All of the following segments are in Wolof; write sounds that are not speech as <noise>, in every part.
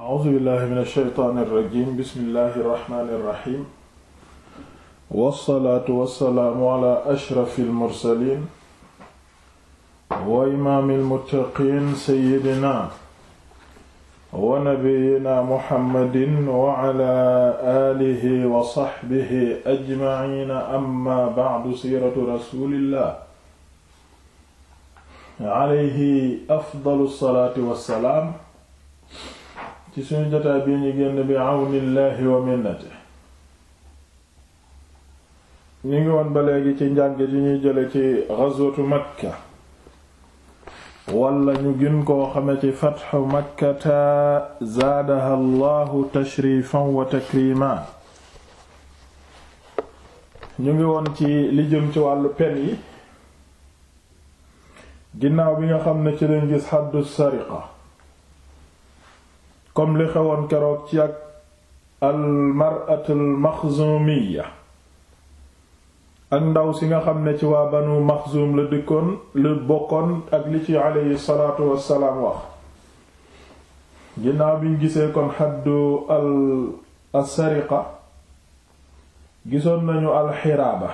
a'uuzu billahi min ash-shaytaani irrajim bismillahi irrahmani irrahim wassalaatu wassalaamu ala ashrafi almursalin wa imaami almuttaqiin sayyidina wa nabiyina muhammadin wa ala aalihi wa saxbihi ajmaciina amma bacdu siiratu rasuulillah alayhi afdalu salaati wassalaam ci suñu jotaay bii ñu génn bi àwnillaahi wa minnati ñu ngi woon ba léegi ci njàng ji ñuy jële ci ghazwatu makka walla ñu gën koo xame ci fatxu makkata zaadaha allahu tashrifan wa takriman ñu ngi woon ci li jëm ci wàllu pen yi ginnaaw bi nga xam ne ci lañ gis xaddu sariqa comme li xewoon keroog ci ak almaratul maxzumiya ak ndaw si nga xam ne ci waa banu maxzum la dëkkoon la bokkoon ak li ci aleyhi salaatu wassalaam wax ginnaaw biñ gisee kon xaddu al asariqa gisoon nañu alxiraaba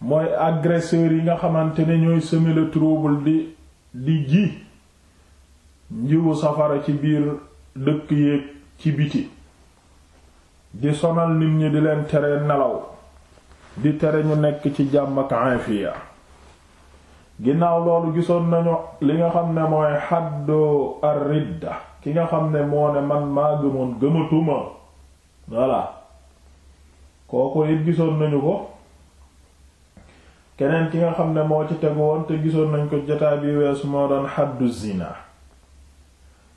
mooy agresseurs yi nga xamante ne ñooy semer le trouble di di ji njiwu safara ci biir dëkk yi ci biti di sonal nit ñi di leen tere nelaw di tere ñu nekk ci jàmm ak aafiya ginnaaw loolu gisoon nañu li nga xam ne mooy xaddu ar ki nga xam ne moo ne man maa gëmoon gëmatuma voilà kooku it gisoon nañu ko keneen ki nga xam ne moo ci tegu woon te gisoon nañ ko jotaay bi weesu moo doon xaddu zina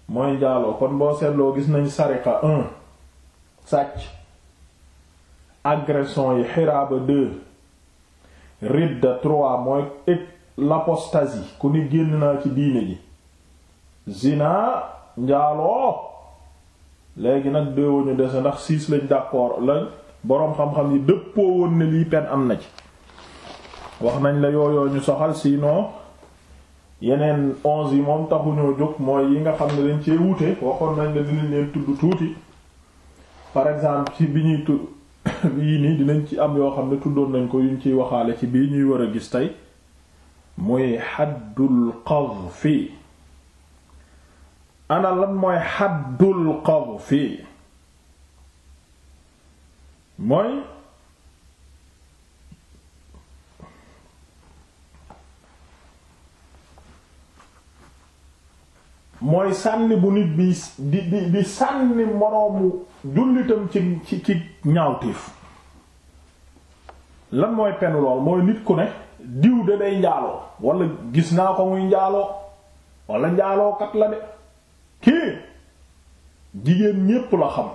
mooy njaaloo kon boo seetloo gis nañ sariqa un sàcc agression yi xiraaba deux ridda trois mooy eg l'apostasie ku ni génn naa ci diine ji zina njaaloo léegi nag deux wañu dese ndax six lañ d'accord la boroom xam-xam yi dëppoo woon ne lii pen am na ci wax nañ la yooyoo ñu soxal siinoo yeneen onze yi moom taxuñoo jóg mooy yi nga xam ne dañ cee wuute waxoon nañ ne dinañ leen tudd tuuti par exemple ci bi ñuy tudd <coughs> yii nii dinañ ci am yoo xam ne tuddoon nañ ko yuñ ciy waxaale ci bii ñuy war a gis tey muy xaddul qadfi ana lan mooy xaddul fii mooy mooy sànni bu nit bi di di di sànni moroomu jullitam ci ci ci ñaawteef lan mooy pen lool mooy nit ku ne diw de day njaaloo wala gis naa ko muy njaaloo walla njaalookat la de kii jigéen ñépp la xam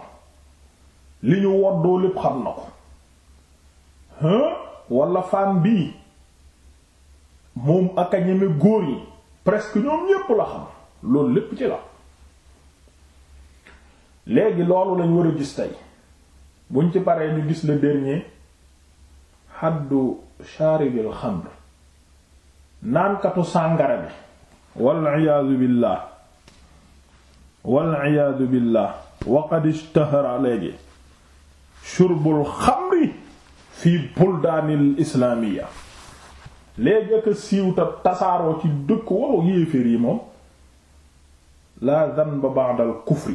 li ñu woddoo lépp xam na ko hein wala femme bii moom ak a ñeme góor yi presque ñoom ñépp la xam loolu lépp ci la léegi loolu lañ war gis tey buñ ci paree ñu gis le dernier xaddu shaaribil xamr naankatu sàngara bi wal iyaadu billah wal iyaadu billah wa qad ishtahara léegi shurbul xamri fi buldaanil islaamiya léegi ak siiw tasaaroo ci dëkk wawu yéeféer yi moom la zanba ba'dal kufri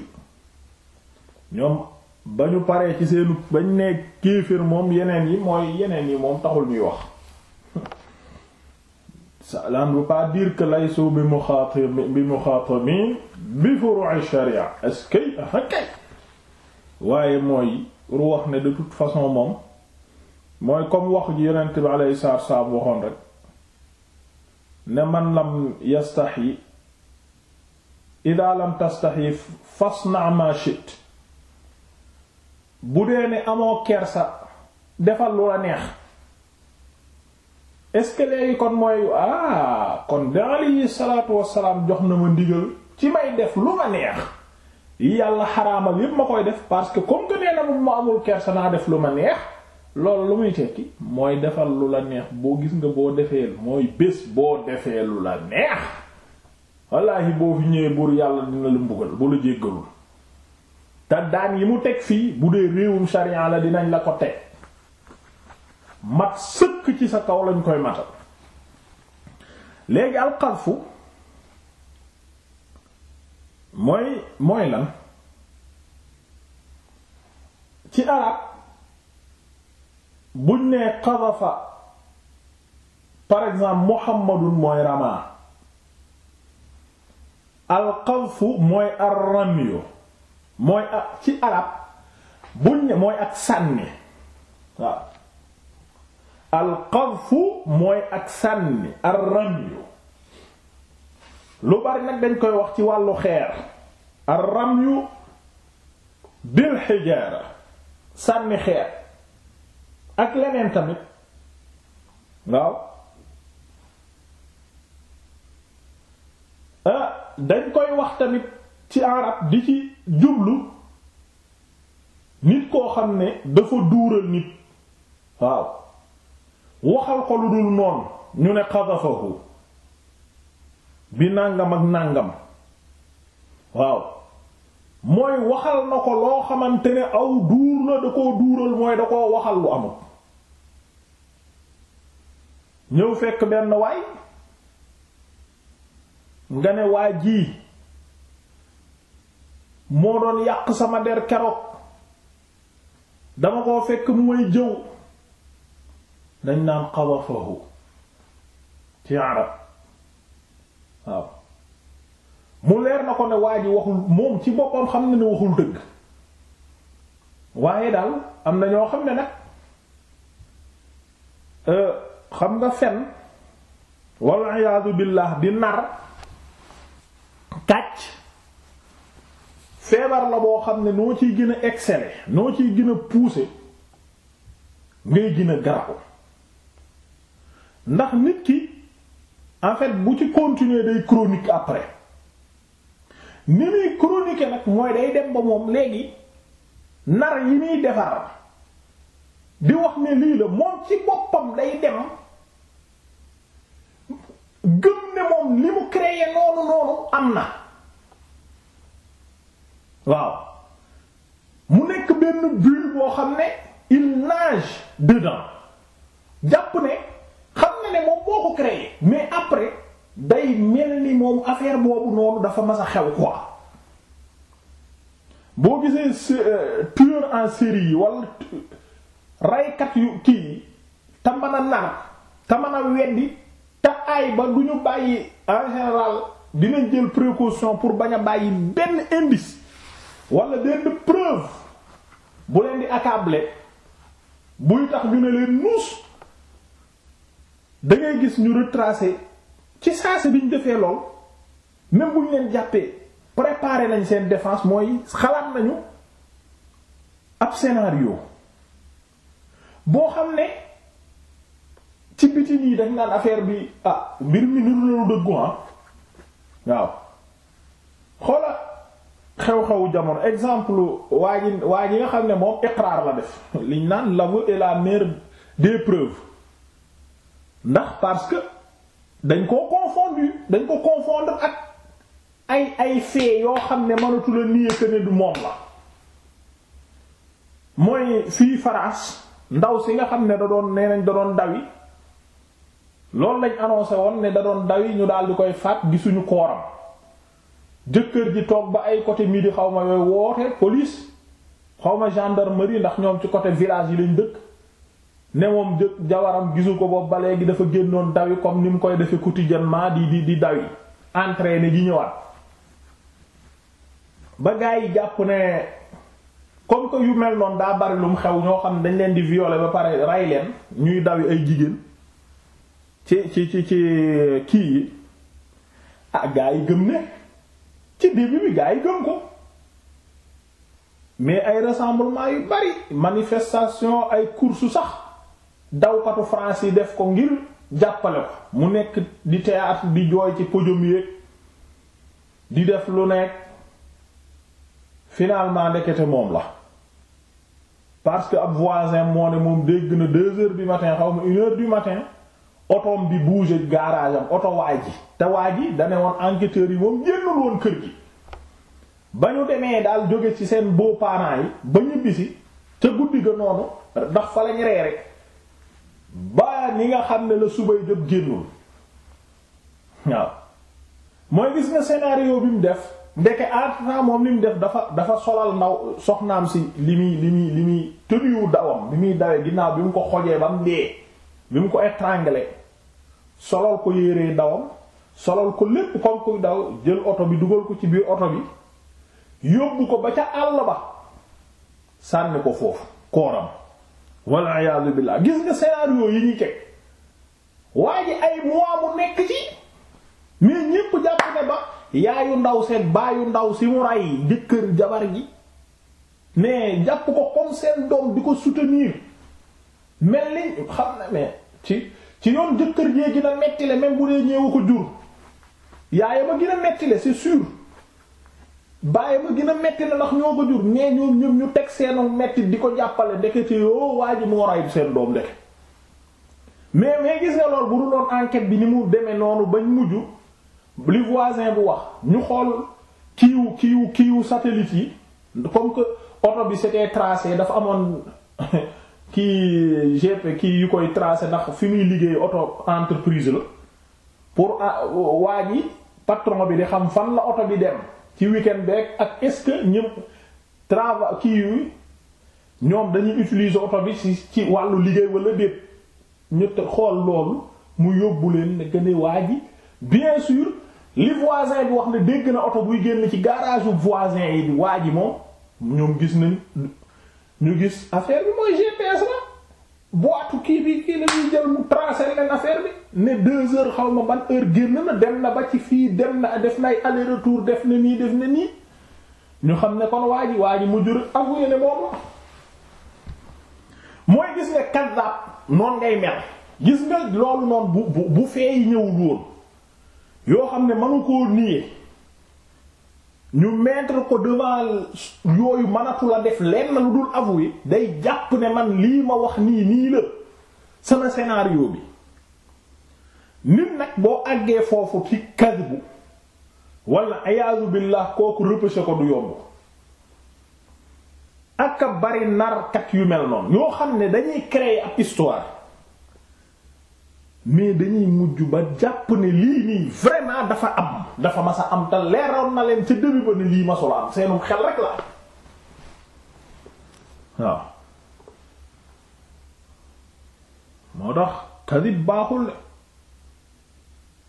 ñoom ba ñu paree ci seen bañ ne kéefër moom yeneen yi mooy yeneen yi moom taxul ñuy wax ça ne veut pas dire que laysu bi muxaatab bi muxaatabin bi furu'i sharia est-ce ah, waaye mooy ru wax ne de toute façon moom mooy comme wax ji yonent bi alayhi salaatu wa waxoon rek ne man lam yastahi ida lam tastaxi fasna ma shit bu dee ne amoo kersa defal lu la neex est-ce que kon mooy ah kon da alayhi salaatu wassalaam jox na ma ndigal ci may def lu ma neex yàlla xaraamal yépp ma koy def parce que comme que nee na mu ma amul kersa naa def lu ma neex loolu lu muy tekki mooy defal lu la neex boo gis nga boo defee mooy bés boo defee lu la neex wallaahi boo fi ñëwee buur yàlla dina la mbugal bu la jéggalul te yi mu teg fii bu dee réewum sharia la dinañ la ko teg mat sëkk ci sa kaw lañ koy matal léegi alxalfu mooy mooy lan ci arab buñ nee xadafa par exemple muhammadun mooy ramaa alxawfu mooy arramyo mooy ci arab buñ mooy ak sànni waaw alxawfu mooy ak sànni arramyo lu bari nag dañ koy wax ci wàllu xeer arramyu bil xijaara sànni xeer ak leneen tamit waaw dañ koy wax tamit ci arab di ci jublu nit koo xam ne dafa duural nit waaw waxal ko lu dul noonu ñu ne xadafahu bi nàngam ak nàngam waaw mooy waxal na ko loo xamante ne aw duur na da koo duural mooy da koo waxal lu amut ñëw fekk benn waay nga ne waa ji moo doon yàq sama der keroog dama koo fekk mu may jëw dañ naan xawafahu ci arab waaw mu leer na ko ne waa ji waxul moom ci boppam xam na ne waxul dëgg waaye daal am na ñoo xam ne nag euh, xam nga fen wal iyaadu billah di nar kàcc feebar la boo xam ne noo ciy gën a exceller noo ciy gën a pousser ngay gën a ndax nit ki en fait bu ci continuer day chronique après ni muy chronique nag mooy day dem ba moom léegi nar yi muy defar di wax ne lii la moom ci boppam day dem gëm ne moom li mu créer noonu noonu am na waaw mu nekk benn bulle boo xam ne il nage dedans jàpp ne xam na ne moom boo ko créé mais après day mel ni moom affaire boobu noonu dafa mas a xew quoi boo gisee euh, tueur en série yi wala raykat yu kii te mën a nar te mën ba du ñu bàyyi en général dina jël précaution pour bañ bàyyi benn indice wala benn preuve bu leen di accabler buy tax ñu ne leen nuus da gis ñu retracer ci saase bi ñu defee lool même bu ñu leen jàppee préparer nañ seen defence mooy xalaat nañu ab scénario boo xam ne ci biti nii dañ naan affaire bi ah mbir mi niru la lu dëggu ah waaw xoola xew-xewu jamono exemple waa ji waa ji nga xam ne moom iqraar la def <laughs> liñ naan l'aveu est la maire des preuves ndax parce que dañ koo confondu dañ ko confondre ak ay ay fee yoo xam ne mënatu la nier que ne du moom la mooy fii France ndaw si nga xam ne da doon nee nañ da doon dawi loolu lañ annoncé woon ne da doon dawi ñu daal di koy faat gisuñu kooram jëkkër ji toog ba ay côté midi xaw ma yooyu woote police xaw ma gendarmerie ndax ñoom ci côté village yi lañ dëkk ne moom jë jawaram gisu ko boobu ba léegi dafa génnoon dawi comme ni mu koy defee quotidiennement di di di dawi entraîné ji ñëwaat ba gaa yi jàpp ne comme que yu mel noonu daa bari lum xew ñoo xam ne dañ leen di violer ba pare ray leen ñuy dawi ay jigéen ci ci ci ci kii yi ah gaa yi gëm ne. ci début bi gaa yi gëm ko mais ay rassemblement yu bari manifestation ay course sax dawkatu France yi def ko ngir jàppale ko mu nekk di théâtre di jooy ci podium yéeg di def lu nekk finalement ndekete moom la parce que ab voisin moo ne moom dégg na deux heures du matin xaw ma une heure du matin otoom bi bougé garage am oto waa ji te waa ji da woon enquêteurs yi moom génnul woon kër gi ba ñu demee daal jóge ci seen beaux yi ba ñibbisi ca guddi ga noonu ndax fa lañ reere ba ni nga xam ne la subay jëp génnul waaw mooy gis nga scénario bi mu def ndeke entre moom li mu def dafa dafa solal ndaw soxnaam si li muy li muy li muy tëniwu dawam bi muy dawee ginnaaw bi mu ko xojee ba mu dee bi mu ko étranglé solal ko yére dawam solal ko lépp comme daw jël oto bi dugal ko ci biir oto bi yóbbu ko ba ca àll ba sànni ko foofu kooram walla iyaazu billaah gis nga scénario yi ñuy teg waa ji ay mois nekk ci mais ñépp jàpp ba yaayu ndaw seen baayu ndaw si mu ray jëkkër jabar ji mais jàpp ko comme seen doom di ko soutenir mel ni xam na mais ci ci ñoom jëkkër jee gën a metti le même bu dee ñeewu ko jur yaaya ma gën a metti le c'est sûr bàyyi ma gën a metti ndax ñoo ko jur mais ñoom ñoom ñu teg seenu metti di ko jàppale ndekete yoo waa ji moo ray seen doom ndeke mais mais gis lool bu dul woon enquête bi ni mu demee noonu ba bañ mujj li voisin bu wax ñu xool kiiw kiiw kiiwu satellite yi comme que oto bi c'était tracé dafa amoon <laughs> kii GP kii yu koy tracé ndax fi muy liggéey auto entreprise la pour ah, waa ji patron bi di xam fan la oto bi dem ci weekend beeg ak est-ce que ñëpp travail kii yu ñoom dañuy utiliser oto bi ci ci wàllu liggéey wala déet ñu xool loolu mu yóbbu leen ne gën a waa ji bien sûr li voisin bi wax ne dégg na oto buy génn ci garage voisin yi di waa ji moom ñoom gis nañ. ñu gis affaire bi mooy GPS la boitu kii bi kii la ñuy jël mu tracé leen affaire bi ne deux heures xaw ma ban heure génn na dem na ba ci fii dem na def na ay aller retour def na nii def na nii ñu xam ne kon waa ji mu jur avoué ne moom la mooy gis nga kaddaab noon ngay mel gis nga loolu noonu bu bu bu feey ñëwul woon yoo xam ne mënu koo nié. ñu mettre ko devant yooyu mënatu def lenn lu dul avouer day jàpp ne man lii ma wax nii nii la sama scénario bi nit nag boo àggee foofu ci kadbu wala ayaazu billah kooku repêché ko du yomb ak bari narkat yu mel noonu ñoo xam ne dañuy créer ab histoire mais dañuy mujj ba jàpp ne lii nii vraiment dafa am dafa mas a am te leeroon na leen ca début ba ne lii masula am seenum xel rek la waaw moo tax kadib baaxul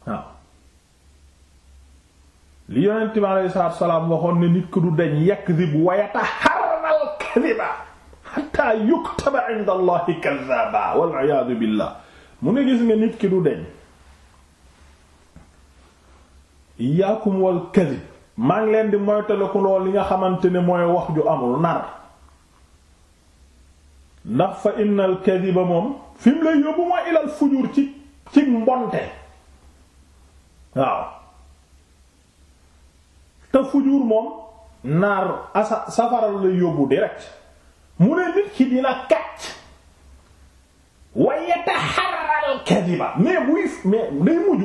waaw li yonent bi aleyhi salaatu salaam waxoon ne nit ku du dañ yakdib wa yataharral kadiba hatta yuktaba inda allahi kaddaaba wal iyaadu billah mu ne gis nga nit ki du deñ iyaakum wal kadib maa ngi leen di moytaleku li nga xamante ne mooy wax ju amul nar ndax fa innal kadiba moom fim mu lay yóbbu mooy ilal fujur ci ci mbonte waaw te fujur moom naar asa safaral lay yóbbu direct mu ne nit ki dina kàcc waye taxa kadiba mais buy mais day mujj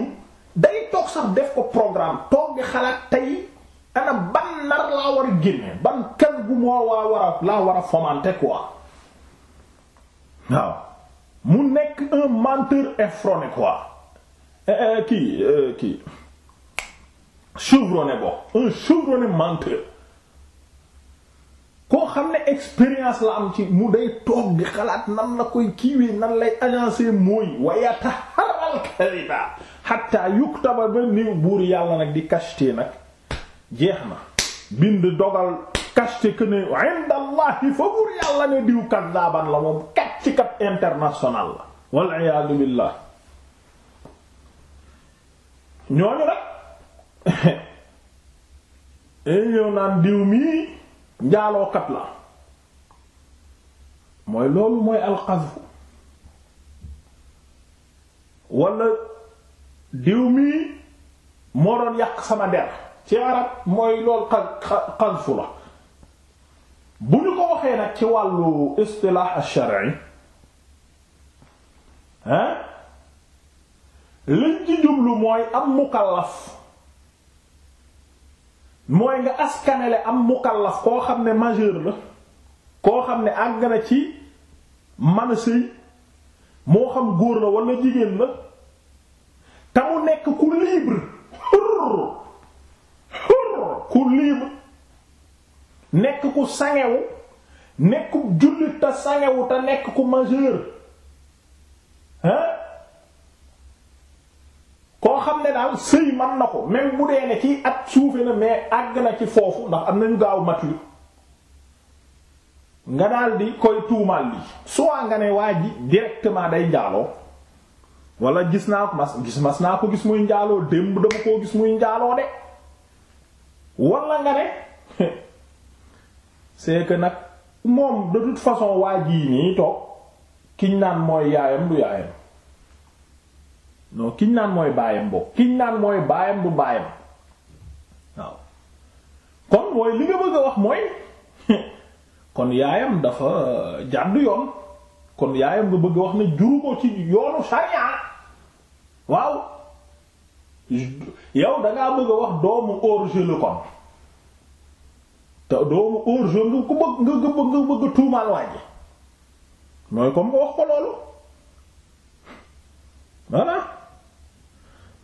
day toog sax def ko programme toog di xalaat tey ana ban nar laa war a génne ban kan gu moo waa war a laa war a fomenter quoi waaw mu nekk un menteur effronté quoi eh, eh, kii eh, kii chevronné bo un chevronné menteur koo xam ne expérience la am ci mu day toog di xalaat nan la koy kiiwee nan lay agencé mooy wayata xaral kariba xatta yuktaba ba niw buur yàlla nag di kashte nag jeex na bind dogal kashte que ne indallahi fa buur yàlla ne diw kaddaban la moom kat ci kat international la wal iyaadu billah ñooñu nag <laughs> eh, ñëw naan diw mii njaaloo kat la mooy loolu mooy alxasfu wala diw mii moo doon yàq sama der ci arab mooy loolu xasfu la bu ñu ko waxee nag ci wàllu istilaax ash-shar'i hein lañ ci jublu mooy am mukallaf mooy nga askanele am mukallaf koo xam ne majeur la koo xam ne àgg na ci man sëy moo xam góor na walla jigéen la te mu nekk ku libre xur xur ku libre nekk ku sangewu nekk ku jullit te sangewu te nekk ku majeur koo xam ne daal sëy man na ko même bu dee ne ci at suufe na mais àgg na ci foofu ndax am nañu gaaw mature nga daal di koy tuumaal li soit nga ne waa ji directement day njaaloo wala gis naa ko mas gis mas naa ko gis muy njaaloo démb dama koo gis muy njaaloo de wala nga ne <laughs> c'est nag moom de toute façon waa ji nii toog kiñ naan mooy yaayam du yaayam non kiñ naan mooy baayam boobu kiñ naan mooy baayam bu baayam waaw kon mooy li nga bëgg wax mooy <laughs> kon yaayam dafa euh, jàdd yoon kon yaayam nga bëgg a wax ne juru ko ci yoonu sharia waaw yow dangaa bëgg wax doomu origine la kon te doomu origine nga ku nga nga bëgg tuumaal waaje mooy comme nga wax ko loolu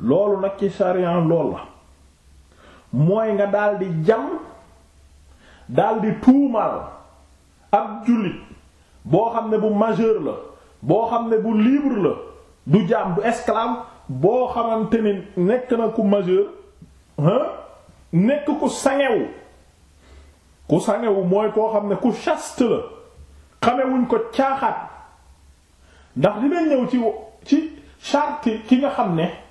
loolu nag ci sharia lool la mooy nga daldi jam daldi tuumaal ab jullit boo xam ne bu majeur la boo xam ne bu libre la du jaam du esclave boo xamante ni nekk na ku majeur hein nekk ku sangewu ku sangewu mooy koo xam ne ku chaste la xamewuñ ko caaxaat ndax dina ñëw ci ci charte ki nga xam ne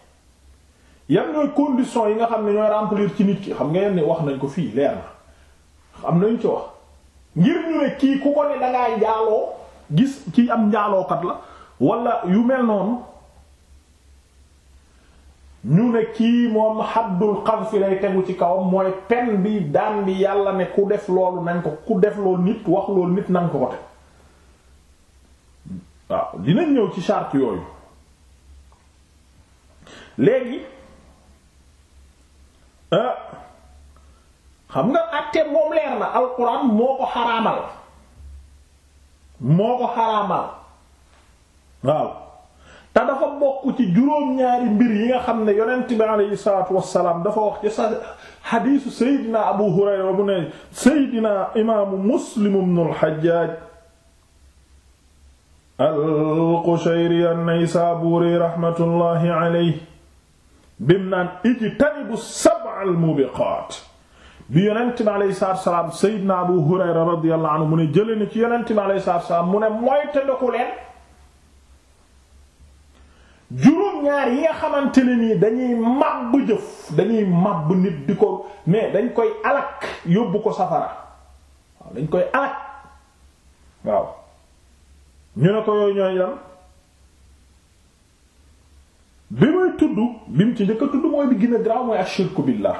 yan ñooy conditions yi nga xam ne ñooy remplir ci nit ki xam nga ne wax nañ ko fii leer na am nañ ci wax ngir ñu ne kii ku ko ne dangaa njaaloo gis ci am njaalookat la wala yu mel noonu ñu ne kii moom xaddul xadfi lay tegu ci kawam mooy pen bi daan bi yàlla ne ku def loolu nañ ko ku def loolu nit wax loolu nit nañ ko ko teg waaw dinañ ñëw ci charte yooyu léegi ah nga àtte moom leer na alquran moo ko xaraamal moo dafa bokk ci juróom-ñaari mbir yi nga xam ne yonent bi dafa wax ci sa xadiisu Seydina Abu Hurayra bu ne Seydina imaamu Muslim ibn al-Hajjaj al-Qushayri an-Naysaburi rahmatullahi aleyhi bim naan ijtanibu sab al mubiqaat bi yonent bi alayhi salaatu wa salaam Seydina Abu Hurayra radiyallahu anhu mu ne jëlee ci yonent bi alayhi salaatu wa salaam mu ne moytandiku leen juróom-ñaar yi nga xamante ne nii dañuy màbb jëf dañuy màbb nit di ko mais dañ koy alak yóbbu ko safara waaw dañ koy alak waaw ñu ne ko yooyu ñooy lan. bi mu ci njëkk a tudd mooy bi gën a grave mooy ashirku billah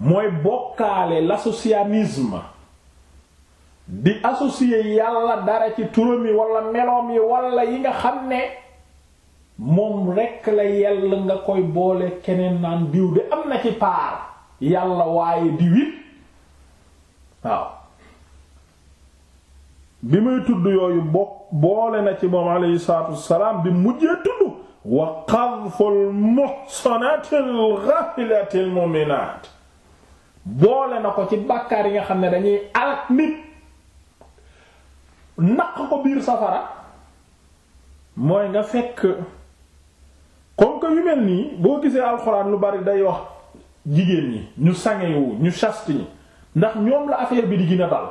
mooy bokkaale l'associationnisme di associer yàlla dara ci turam yi walla meloom yi wala yi nga xam ne moom rekk la yàlla nga koy boole keneen naan diw de am na ci paar yàlla waaye diwit waaw bi muy tudd yooyu bokk boole na ci moom alayhi salaatu wassalaam bi mujjee tudd wa qadful muhsanatil ghafilatil mu'minaat boole na ko ci bàkkaar yi nga xam ne dañuy alak nit naq ko biir safara mooy nga fekk kon que yu mel nii boo gisee alxuraan lu bari day wax jigéen ñi ñu sangewu ñu ñi ndax ñoom la affaire bi di gën a dal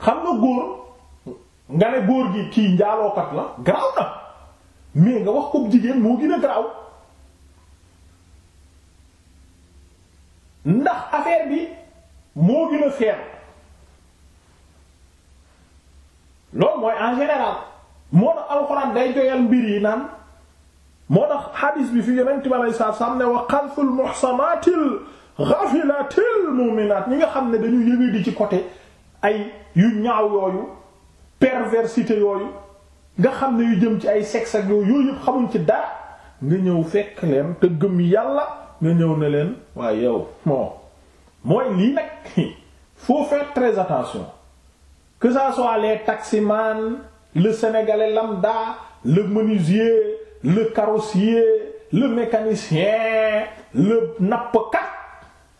xam nga góor nga ne góor gi kii njaalookat la garaw na mais nga wax ko jigéen moo gën a ndax affaire bi moo gën a feer loolu mooy en général moo tax alxuraan day joyal mbir yi naan moo tax xadiis bi fi yonent bi alei satu salaam ne wa xalful muhsanatil ñi nga xam ne dañu yëwee di ci côté ay yu ñaaw yooyu perversité yooyu nga xam ne yu jëm ci ay sexe ak yooyu yëpp xamuñ ci dara nga ñëw fekk leen te gëm yàlla nga ñëw ne leen waaye yow bon mooy lii nag <laughs> faut faire très attention que ça soit les taximans le sénégalais lambda le menuisier le carrossier le mécanicien le nappkat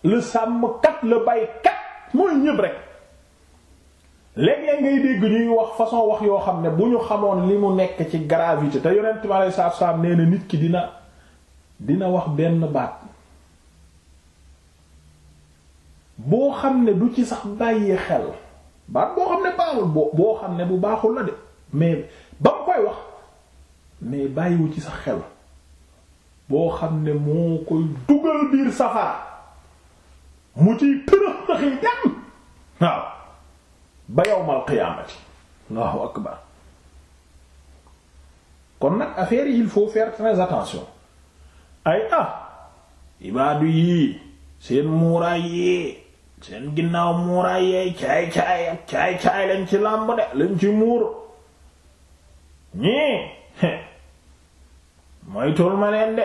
le sàmmkat le baykat mooy ñëpp rek. léeg-léeg ngay dégg ñuy wax façon wax yoo xam ne bu ñu xamoon li mu nekk ci gravité te yonent bi aleyhi salaatu salaam nee na nit ki dina dina wax benn baat boo xam ne du ci sax bàyyi xel baat boo xam ne baaxul boo xam ne bu baaxul la de mais ba mu koy wax mais bàyyiwu ci sax xel boo xam ne moo koy dugal biir safara mu ci tërëx taxi dem waaw ba yawmal qiyaamati Allahu akbar kon nag affaire yi il faut faire très attention ay ah ibaadu yii seen muuraay yii seen ginnaaw muuraay yee caay caay caay caay lañ ci làmb de lañ ci muur ñii mooy tool ma leen de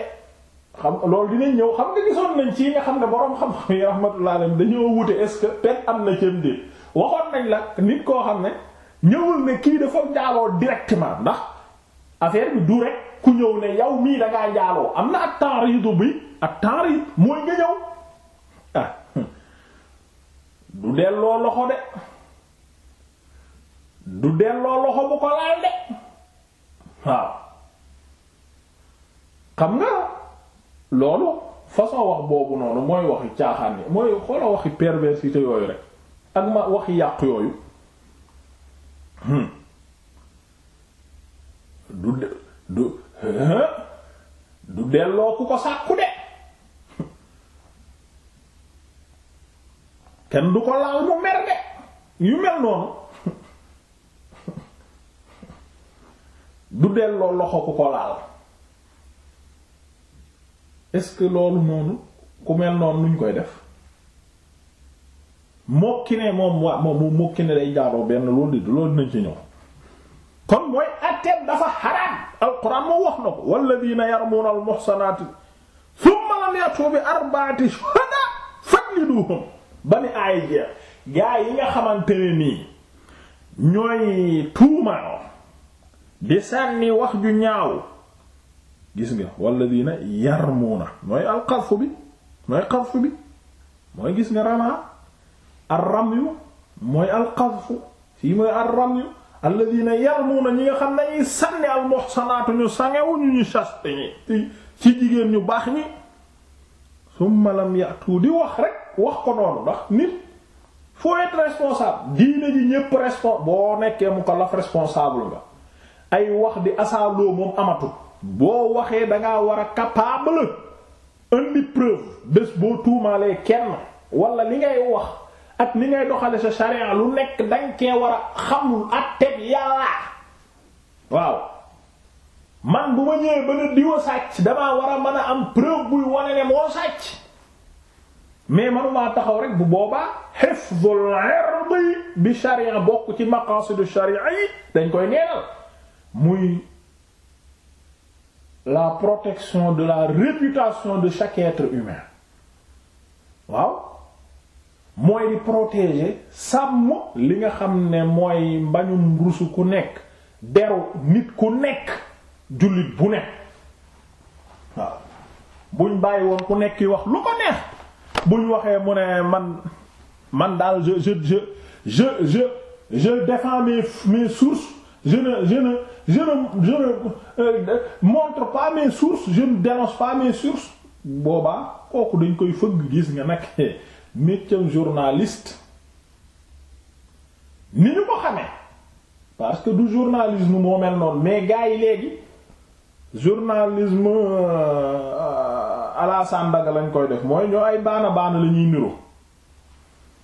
xam loolu dinañ ñëw xam nga gisoon nañ ci nga xam ne boroom xam-xam yi rahmatullah dañoo wute est-ce que pen am na cem de waxoon nañ la nit koo xam ne ñëwul ne kii dafa njaaloo directement ndax affaire bi du rek ku ñëw ne yow mii da ngaa njaaloo am na ak taaridu bi ak taarid mooy nga ñëw ah, du delloo loxo de du delloo loxo bu ko laal de waaw xam nga loolu façon wax boobu noonu mooy waxi caaxaan ni mooy xoola waxi perversité yooyu rek ak ma wax yàq yooyu hmm. du du du delloo ku ko sàkku de kenn du ko laal mu mer de yu mel noonu du delloo loxo ku ko laal est-ce que loolu noonu ku mel noonu luñ koy def mokki ne moom waa moom mokki ne day jaaroo benn loolu di loolu dinañ ci ñëw kon mooy atteem dafa xaraam alquran moo wax na ko walladina yarmuuna almuhsanaati thumma lam yatu bi yi nga xamante ne nii ñooy tuumaao di sànni wax ju ñaaw gis nga walladina bi mooy gis nga ramaa ar-ramyu mooy al-qadhfu fii mooy ar-ramyu alladhina yarmuuna ñi nga xam nañuy sànni al-muhsanaatu ñu sangewu ñu ñu chaste ñi ci jigéen ñu baax ñi summa lam ya'tu di wax rek wax ko noonu ndax nit faut être responsable diine ji ñépp responsable boo nekkee mukallaf responsable nga ay wax di asaaloo moom amatul boo waxee dangaa war a capable indi preuve bés boo tuumaalee kenn wala li ngay wax ak ni ngay doxale sa sharia lu nekk danga kee war a xamul àtteeb yàlla waaw man bu ma ñëwee ba ne diwa sàcc damaa war a mën a am preuve buy wane ne moo sàcc mais manumaa taxaw rek bu boobaa hifzul irdi bi sharia bokk ci maqasidu sharia yi dañ koy neenal muy la protection de la réputation de chaque être humain waaw mooy di protéger sàmm li nga xam ne mooy mbañum rusu ku nekk deru nit ku nekk jullit bu nekk waaw buñ bàyyi woon ku nekk wax lu ko neex buñ waxee mu ne man man daal je je je je je je défends mes jeune sources je ne je euh, montre ko amee sources jeune ne dénonce pas mes boobaa kooku dañ koy fëgg gis nga nag <laughs> méccam journaliste ni ñu ko xamee parce que du journalisme moo mel noonu mais gars yi léegi journalisme euh, à la lañ koy def mooy ñoo ay baana baana la ñuy niro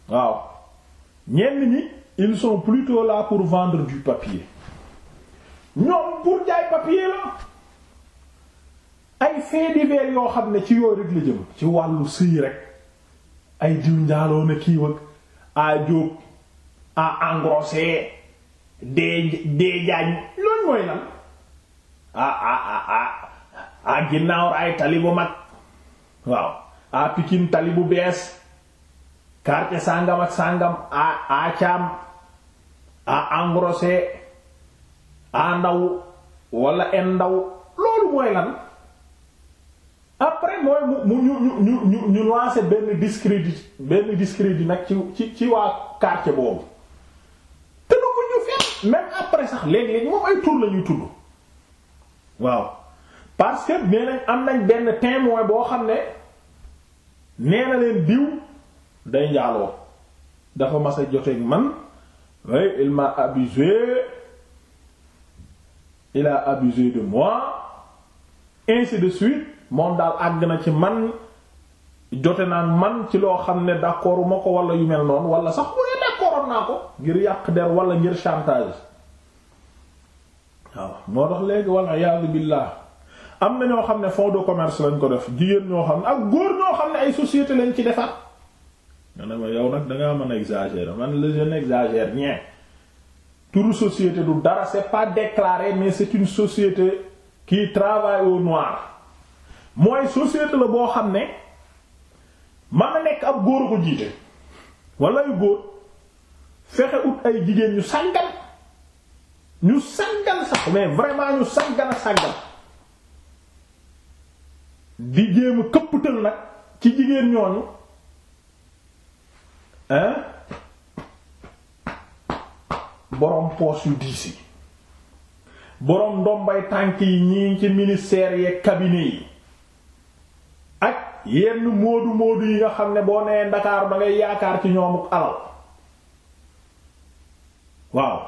waaw ñenn ñi ils sont plutôt là pour vendre du papier ñoom pour jaay papier la ay faits divers yoo xam ne ci yooyu la jëm ci wàllu sëy rek ay diw njaaloon a a jóog a engrossé dee dee jaañ loolu mooy lan a a a a ginnaaw ay tali bu mag waaw a pikin tali bu bees quartier sàngam ak sàngam a a caam a engrossé a ndaw wala en ndaw loolu mooy lan après mooy mu mu ñu ñu ñu ñu lancer benn discrédit benn discrédit nag ci ci ci waa quartier boobu te du ko ñu fenn même après sax léeg-léeg moom ay tur la ñuy waaw parce que nee nañ am nañ benn témoin boo xam ne nee na leen diw day njaaloo dafa mas a joteeg man way il m'a abusé il a abusé de moi ainsi de suite moom daal àgg na ci man jote naan man ci loo xam ne d'accord ma ko wala yu mel noonu wala sax mu ne d'accord naa ko ngir yàq der wala ngir chantage waaw moo tax léegi wala iyaazu billaah am na ñoo xam ne fonds de commerce lañ ko def jigéen ñoo xam ne ak góor ñoo xam ne ay société lañ ci defar nga ne ma yow nag dangaa mën a exagérer man la je n'exagère rien turu société du dara c'est pas déclaré mais c'est une société qui travaille au noir mooy société la boo xam ne mën na nekk ab góor a ko jiite wala yu góor fexe ut ay jigéen ñu sàngal ñu sàngal sax mais vraiment ñu sàngal a sàngal di jéem a këpptal nag ci jigéen ñooñu hein borom poos yu diis yi borom ndombay tànk yi ñii ci ministère yeeg cabinet yi yenn moodu moodu yi nga xam ne boo nee Ndakaaru da yaakaar ci ñoomuk alal waaw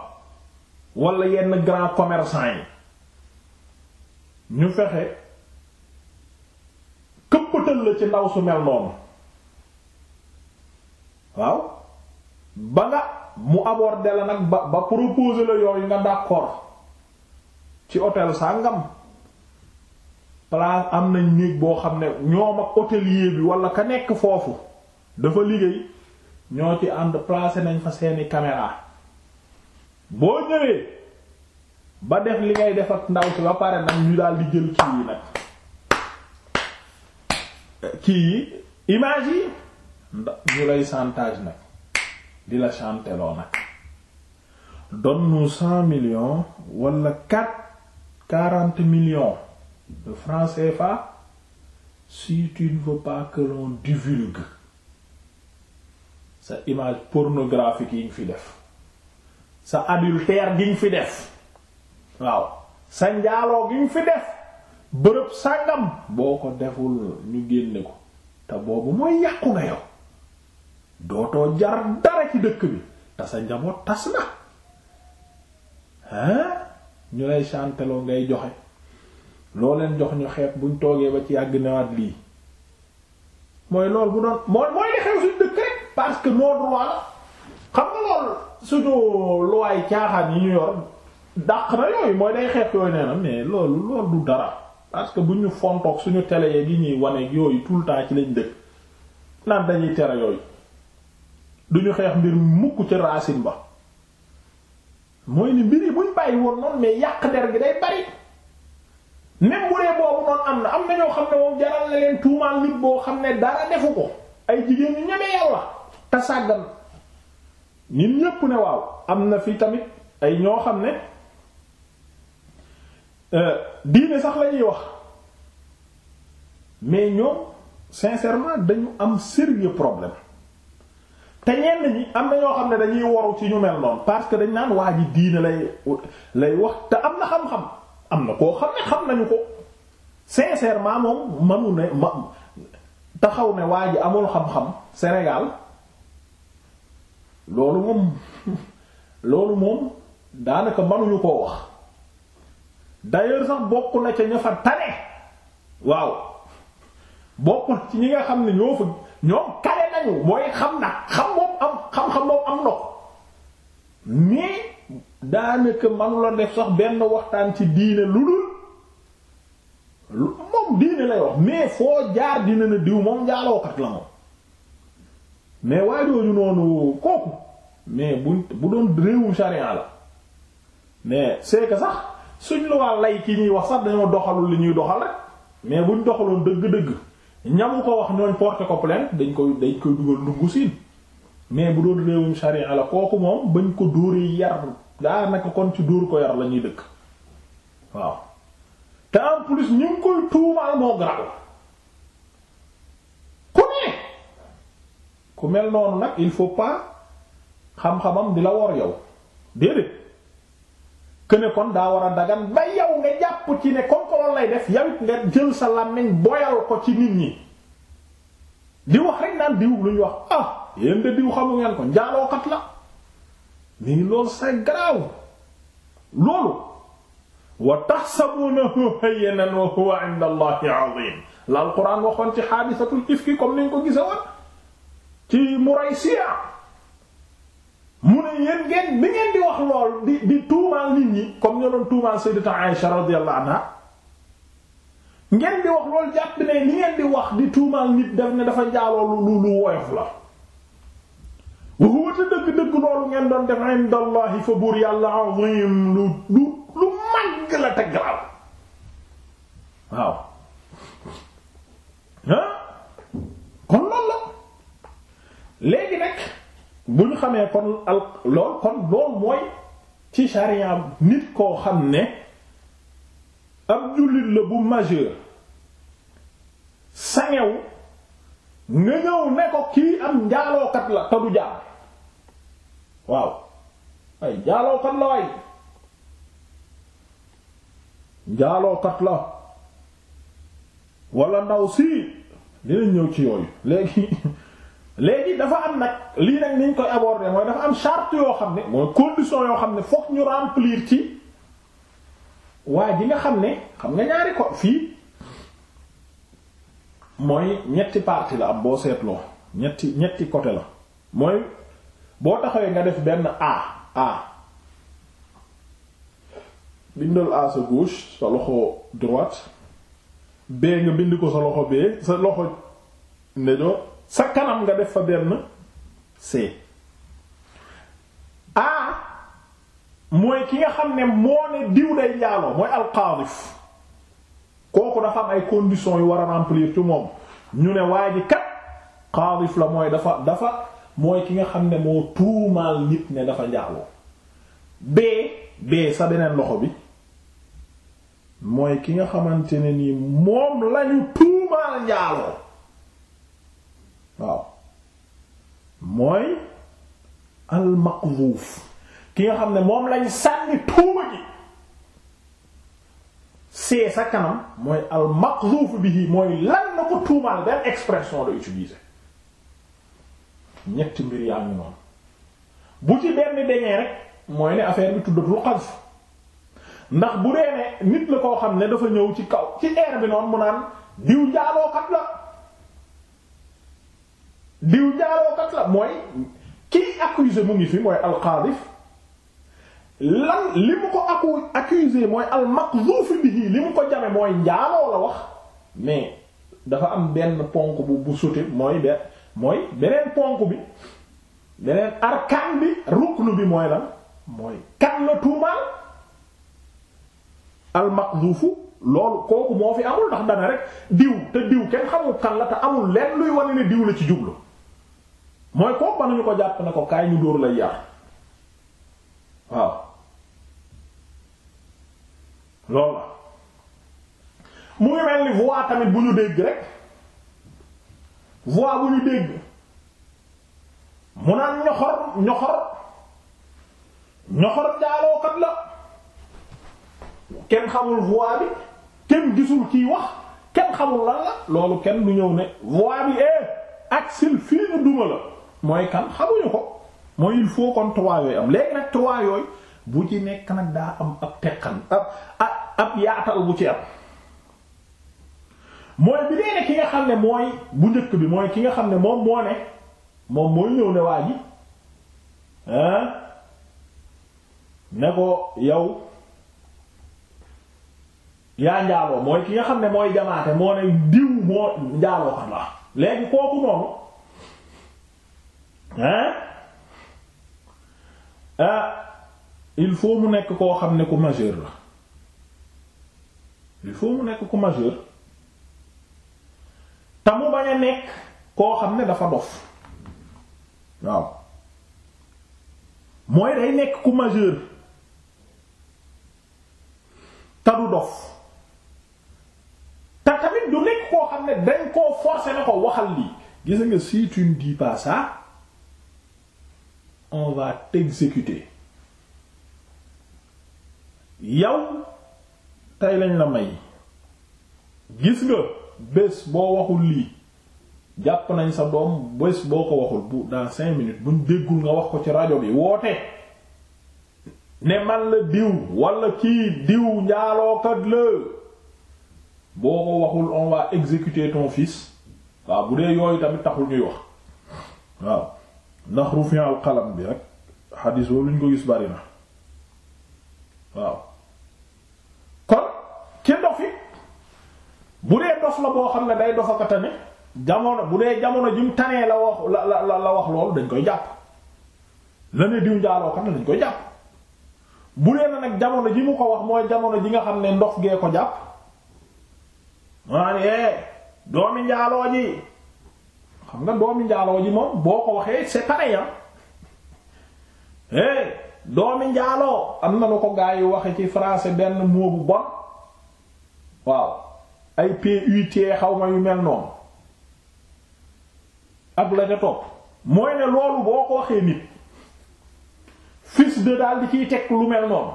wala yenn grand commerçant yi ñu fexe këppatal la ci ndaw su mel noonu waaw ba nga mu aborder la nag ba ba proposer la yooyu nga d'accord ci hôtel sangam. place am nañ néeg boo xam ne ñoom ak hôtelier bi wala ka nekk foofu dafa liggéey ñoo ci ànd placé nañ fa seeni kamera boo ñëwee ba def li ngay def ak ndaw si ba pare nag ñu daal di jël kii yi nag kii yi image yi ñu lay chantage nag di la chanteloo nag donnu cent million wala quatre quarante million de franc CFA si tu ne sa image pornographique yi nga fi def sa adultère gi nga fi def waaw sa njaaloo gi nga fi def bërëb sàngam boo ko deful ñu génne ko te boobu mooy yàqu nga yow dootoo jar dara ci dëkk bi te sa njaboot tas na hein ñu lay chanteloo ngay joxe loo jox ñu xeeb buñ toogee ba ci yàgg newaat lii mooy loolu bu doon mooy mooy li xew suñu dëkk rek parce que nos droits la xam nga loolu caaxaan yi ñu yor dàq na yooyu mooy day xeeb yooyu nee na mais loolu loolu du dara parce que bu ñu fontoog suñu télé yi ñuy waneeg yooyu tout le temps ci lañ dëkk naan dañuy tere yooyu duñu xeex mbir mukk ci racine ba mooy ni mbir yi buñ bàyyi woon noonu mais yàq der gi day bari même bu dee boobu noonu am na am na ñoo xam ne moom jaral na leen tuumaal nit boo xam ne dara defu ko ay jigéen ñu ñeme yàlla te sàggan ñun ñépp ne waaw am na fi tamit ay ñoo xam ne euh, diine sax lañuy wax mais ñoom sincèrement dañu am sérieux problème te ñenn ñi am na ñoo xam ne dañuy waru ci ñu mel noonu parce que dañ naan waa ji diine lay lay wax te am na xam-xam. am na koo xam ne xam nañu ko sincèrement moom manu ne ma taxaw ne waa ji amul xam-xam Sénégal loolu moom <laughs> loolu moom daanaka manuñu koo wax d'ailleurs sax bokk na ca ña fa waaw bokk ci ñi nga xam ne ñoo fa ñoom kale nañu mooy xam na xam moom am xam-xam moom am na mais daanaka manula def sax benn waxtaan ci diine lu dul moom diine lay wax mais foo jaar dina na diw moom njaalookat la moom mais waaye dooju noonu kooku mais bu bu doon réewum sharia la mais c'est que sax suñ luwaa lay ki ñuy wax sax dañoo doxalul li ñuy doxal mais buñ doxaloon dëgg-dëgg ñamu ko wax ñooñ porter ko plainte dañ koy dañ koy dugal ndungu siin mais bu doon réewum sharia la kooku moom bañ ko dóoree yar daa naka kon ci dóor ko yar la ñuy dëkk waaw te en plus ñu ngi koy tuumaal moo garaw ku ne ku mel noonu nag il faut pas xam-xamam di la wor yow déedéet que kon daa war a dagan ba yow nga jàpp ci ne kon ko lay def yow it nga jël sa làmmiñ boyal ko ci nit ñi di wax rek naan diw lu ñu wax ah yéen de diw xamu ngeen ko njaalookat la nii loolu c'est grave loolu wa taxsabunahu hayyinan wa huwa 'inda Allahi 'azim la alquran waxoon ci xaadisatul ifki comme ni ñu ko gisa woon ci Muraysiya mu ne yéen ngeen bi ngeen di wax lool di di tuumaal nit ñi comme ñoo doon tuumaal sayyidatu Aïsha radiyallahu anha ngeen di wax lool jàpp ne li ngeen di wax di tuumaal nit daf ne dafa njaaloo lu lu woyof la wa huwa te dëgg loolu ngeen doon def indallahi fa buur yàlla azim lu lu lu la te garaaw waaw ah kon loolu la léegi nag bu ñu xamee kon al lool kon lool mooy ci sharia nit koo xam ne ab jullit la bu majeur sangew nga ñëw ne ko kii am njaalookat la te du jaar waaw ay njaalookat la waay njaalookat la wala ndaw si dinañ ñëw ci yooyu léegi <laughs> léegi dafa am nag lii nag niñ koy aborder mooy dafa am charte yoo xam ne mooy condition yoo xam ne fokk ñu remplir ci waaye ji nga xam ne xam nga ñaari ko fii mooy ñetti partie la am boo seetloo ñetti ñetti côté la mooy boo taxawee nga def benn A A bindal A sa gauche sa loxo droite B nga bind ko sa loxo B sa loxo ndeyjoor sa kanam nga def fa benn C A mooy ki nga xam ne moo ne diw day njaaloo mooy alqaadif kooku dafa xam ay conditions yu war a remplir ci moom ñu ne waa jikat kat qaadif la mooy dafa dafa mooy ki nga xam ne moo tuumaal nit ne dafa njaaloo bee bee sa beneen loxo bi mooy ki nga xamante ne nii moom lañu tuumaal njaaloo waaw mooy almaqdhuuf ki nga xam ne moom lañ sànni tuuma ji see sa kanam mooy bi bihi mooy lan na ko tuumaal benn expression la utilise ñetti mbir yaa ngi noonu bu ci benn deñee rek mooy ne affaire bi tuddatul xas ndax bu dee nit la koo xam ne dafa ñëw ci kaw ci air bi noonu mu naan diw jaalookat la diw jaalookat la mooy kiy accusé mu ngi fi mooy alqaadif lan li mu ko aku accusé mooy almaqzuuf bihi li mu ko jame mooy njaaloo la wax mais dafa am benn ponk bu bu suti mooy benn mooy beneen ponk bi beneen arkaan bi ruknu bi mooy lan mooy kan la tuumaal almaqduufu loolu kooku moo fi amul ndax dana rek diw te diw kenn xamul kan la te amul lenn luy wane diw la ci jublu mooy kooku mënuñu ko jàpp ne ko kaay ñu dóor lay yar waaw loolu la mu ngi mel ni tamit bu ñu dégg rek voix bu ñu dégg mu naan ñoxor ñoxor ñoxor jaalookat la kenn xamul voix bi kenn gisul kiy wax kenn xamul lan la loolu kenn du ñëw ne voix bi eh, ak sil fii ñu duma la mooy kan xamuñu ko mooy il faut kon trois yooyu am léegi nag trois yooyu bu ci nekk nag daa am ab teqan ab ab yaatal bu ci am mooy bi dee ki nga xam ne mooy bu njëkk bi mooy ki nga xam ne moom moo ne moom mooy ñëw ne waa ne ko yow yaa njaaloo mooy ki nga xam ne mooy jamaate moo ne diw moo njaaloo xam la léegi kooku noonu ah, il faut mu nekk koo xam ne ku majeur la il faut mu nekk ku majeur te bañ a nekk koo xam ne dafa dof waaw mooy day nekk ku majeur te du dof te tamit du nekk koo xam ne dañ koo forcer na ko waxal lii gis nga si tu ne on va t'exécuter yow tey lañ la may gis nga bés boo waxul lii jàpp nañ sa doom bés boo ko waxul bu dans cinq minutes buñ déggul nga wax ko ci rajo bi woote ne man la diw wala kii diw njaalookat la boo ko waxul on va exécuter ton fils waaw bu dee yooyu tamit taxul ñuy wax waaw ndax rufi'al qalam bi rek xadiis boobu lu ko gis bari na waaw bu dee dof la boo xam ne day dofa ko tane jamono bu dee jamono jim tanee la wax la la la wax loolu dañ koy jàpp la ne diw njaaloo kan dañ koy jàpp bu dee na nag jamono ji mu ko wax mooy jamono ji nga xam ne ndof gee ko jàpp maa eh, xam nga doomi njaaloo ji moom boo ko waxee c'est pareil eh doomi njaaloo am na lu ko gaa yi waxe ci français benn mot bu bon waaw ay PUT xaw ma yu mel noonu ak la ca topp mooy ne loolu boo ko waxee nit fils de daal di ciy teg lu mel noonu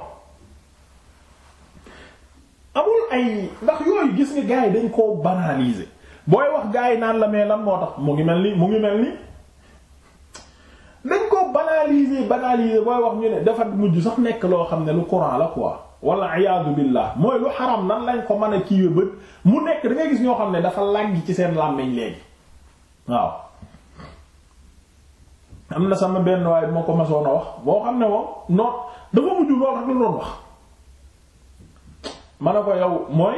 amul ay ndax yooyu gis ni gars yi dañ koo banaliser booy wax gars yi naan la mais lan moo tax mu ngi mel ni mu ngi mel ni dañ koo banaliser banaliser booy wax ñu ne dafa mujj sax nekk loo xam ne lu courant la quoi. wala iyaadu billah mooy lu xaram nan lañ ko mën a kiiwe bët mu nekk da ngay gis ñoo xam ne dafa làggi ci seen làmmiñ léegi waaw am na sama benn waaye moo ko masoon a wax boo xam ne moom noon dafa mujj lool rek la doon wax ma ne ko yow mooy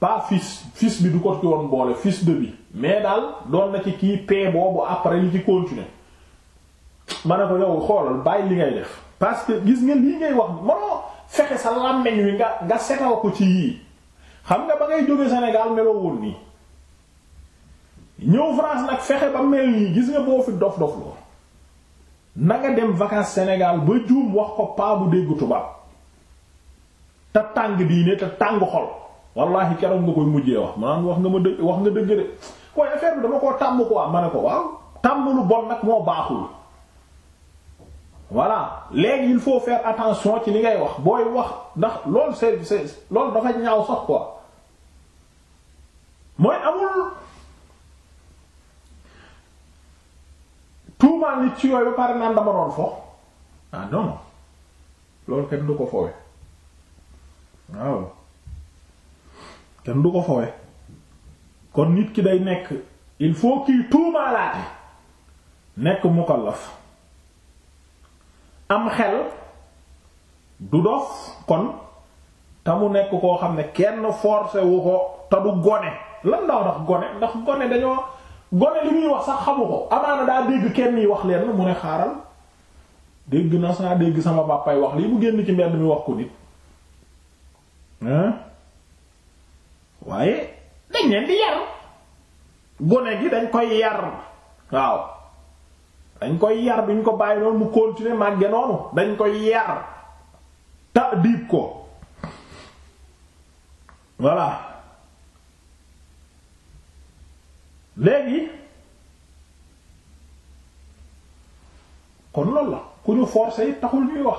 pas fis fils bi du ko ci woon boole fils de bi mais daal doon na ci kii paie boobu après li ci continuer ma ne ko yow xoolal bàyyi li ngay def parce gis nga lii ngay wax mënoo fexe sa làmmeñ wi nga nga setal ko ci yii xam nga ba ngay jóge Sénégal meloo woon nii ñëw France nag fexe ba mel nii gis nga boo fi dof dof lool na dem vacances Sénégal ba juum wax ko paa dégg tubaab te tàng diine te tàng xol wallahi keroog nga koy mujjee wax maanaam wax nga ma dëgg wax nga dëgg de koy affaire bi dama koo tàmm ko waa ma ne ko waaw tàmm lu bon nag moo baaxul voilà léegi il faut faire attention ci li ngay wax booy wax ndax lool c'est c'est loolu dafa ñaaw sax ko mooy amul tuumaal nit ci yooyu ba pare naan dama doon fo ah loolu kenn du ko fowe waaw kenn du ko fowe kon nit ki day nekk il faut kiy tuumaalaate nekk laf am xel du dof kon te mu nekk koo xam ne kenn forcé ko te du gone lan ndaw ndax gone ndax gone dañoo gone li muy wax sax xamu ko amaana daa dégg kenn yi wax leen mu ne xaaral dégg na saa dégg sama bàppaay wax lii mu génn ci mbedd mi wax ko nit waaye dañ leen di yar gone gi dañ koy yar waaw dañ koy yar duñ ko bàyyi noonu mu continuer màgge noonu dañ koy yar ta'dib ko voilà léegi kon loolu la ku ñu forcer yi taxul ñuy wax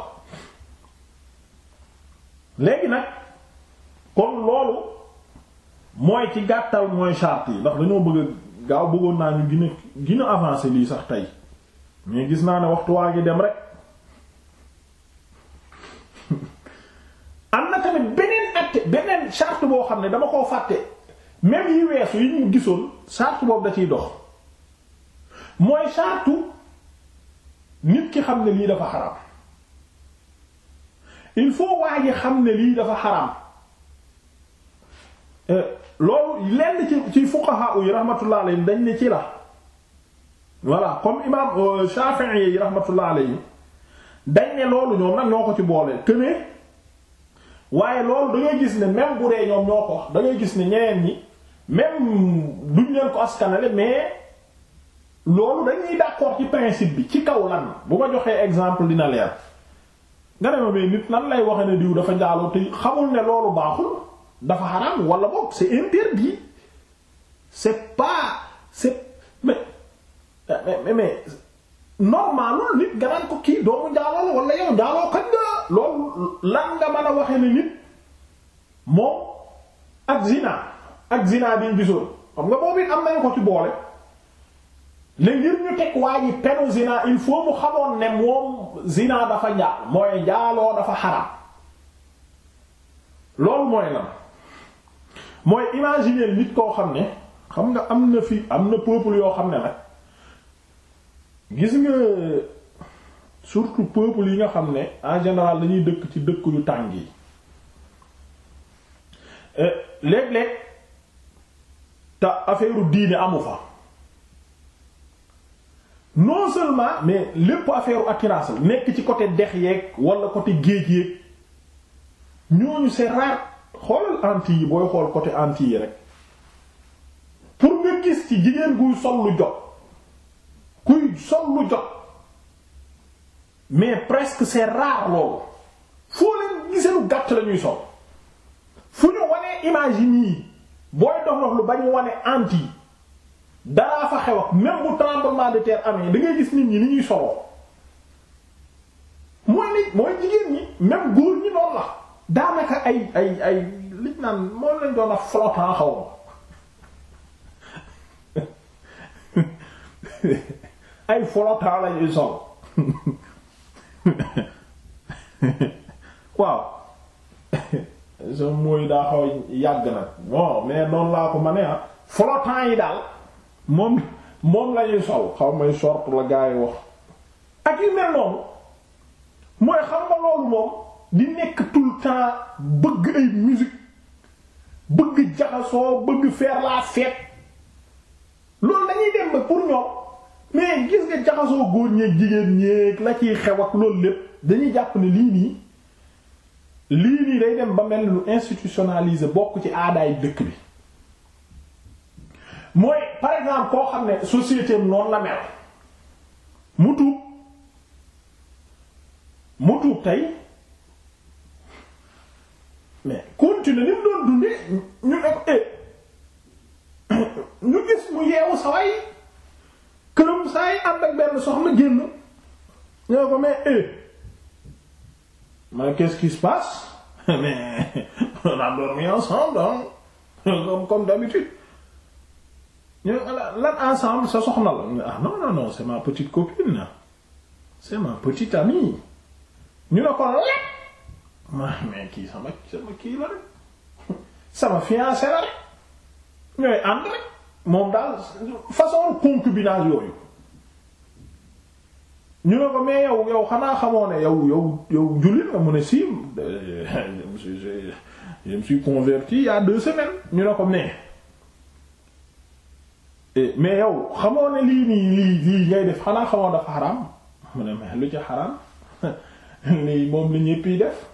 léegi nag kon loolu mooy ci gàttal mooy charte yi ndax dañoo bëgg gaaw bëggoon naa ñu gën a gën lii sax tey mais gis naa ne waxtu waa ngi dem rek am na tamit beneen atte beneen charte boo xam ne dama koo fàtte même yi weesu yi ñu gisoon charte boobu da ciy dox mooy charte nit ki xam ne lii dafa xaram il faut waa ji xam ne lii dafa xaram euh, loolu lenn ci ci fuqaha yi rahmatullah alayhim dañ ne ci la voilà comme imam euh, Shafi'i yi rahmatullah alayhi dañ ne loolu ñoom nag ñoo ko ci boole que ne waaye loolu da gis ne même bu dee ñoom ñoo ko dangay gis ne ñeen ñi même duñ leen ko askanale mais loolu dañuy d'accord ci principe bi ci kaw lan bu ma joxee exemple dina leer nga ne ma mais nit lan lay waxe ne diw dafa njaaloo te xamul ne loolu baaxul dafa xaraam walla boog c'est interdit c'est pas c'est Eh, mais mais normalul nit nga naan ko kii doomu jaaloo la wala yow jaaloo kat nga loolu lan nga mën a waxee ni nit moom ak zina ak zina biñ gisoon xam nga boobu it am nañu ko ci boole ne ngir ñu teg waa penu zina il faut mu xamoon ne moom zina dafa njaal mooy njaaloo dafa xaraam loolu mooy lan mooy imaginer nit koo xam ne xam nga am na fi am na peuple yoo xam ne nag gis nga surtout peuple yi nga xam ne en général dañuy dëkk ci dëkk yu tàng yi euh, léeg-léeg te affaire diine amu fa non seulement mais lépp affaire attirance la nekk ci côté dex yeeg wala côté géej yeeg ñooñu c'est rare xoolal anti yi booy xool côté anti yi rek pour nga gis ci jigéen guy sol lu jot kuy sol lu jot mais presque c'est rare loolu foo leen gisee lu gàtt la sol fu ñu wanee image yi booy dox dox lu bañ wane anti yi daraa fa xew ak même bu tremblement de terre amee da ngay gis nit ñi ni ñuy soloo mooy nit mooy jigéen ñi même góor ñi noonu la daanaka ay ay ay liñ naan moom lañ doon wax flottant xaw ma <laughs> ay folotaa lañuy sol waaw sa mooy daa yàgg nag bon mais noonu laa ko ma ne ah yi daal moom moom lañuy sol xaw may short la gaa yi wax ak yu mel noonu mooy xam nga loolu moom di nekk tout le bëgg ay musique bëgg jaxasoo bëgg faire la fête loolu dañuy dem ba pour ñoom mais gis nga jaxasoo góor ñeeg jigéen ñeeg la ciy xew ak loolu lépp dañuy jàpp ni lii nii lii nii day dem ba mel ni lu institutionnalisé bokk ci aadaay dëkk bi mooy par koo xam ne société am noonu la mel mu tuub mu tuub tey mais continuer li mu doon dundee ñu ne eh, <coughs> ñu gis mu yeewu sa këram saa yi ànd ak benn soxna génn ñoo ko mais eh mais qu'est-ce qui se passe <laughs> mais on a dormi ensemble comme comme d'habitude ñu lan ensemble sa soxna la ah non non non c'est ma petite copine c'est ma petite amie ñu ne ko rek ma mais kii sama sama kii la rek <laughs> sama fiancée la rek ñooy ànd rek. moom daal façon concubinage yooyu ñu ne ko mais yow yow xanaa xamoo ne yow yow yow jullit nga mu ne si je me suis converti il y a deux semaines ñu ne ko mais eh, mais yow xamoo ne lii nii lii lii ngay def xanaa xamoo dafa xaraam mu ne mais lu ci xaraam <laughs> lii moom li ñépp def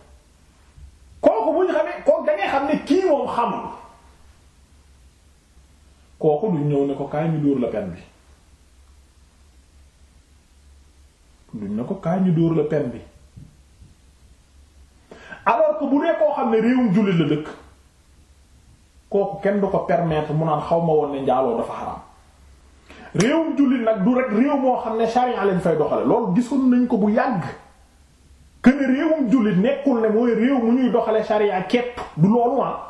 kooku bu ñu kooku da xam ne kii moom xamul. kooku duñ ñëw ne ko kaay ñu dóor la pen bi duñ ko kaay ñu dóor bi alors bu dee koo xam ne réewum jullit la dëkk kooku kenn du ko permettre mu naan xaw ma woon ne njaaloo dafa xaraam réewum jullit nag du rek réew moo xam ne charia lañ fay doxale loolu gisoon nañ ko bu yàgg que ne réewum jullit nekkul ne mooy réew mu ñuy doxale charia képp du loolu ah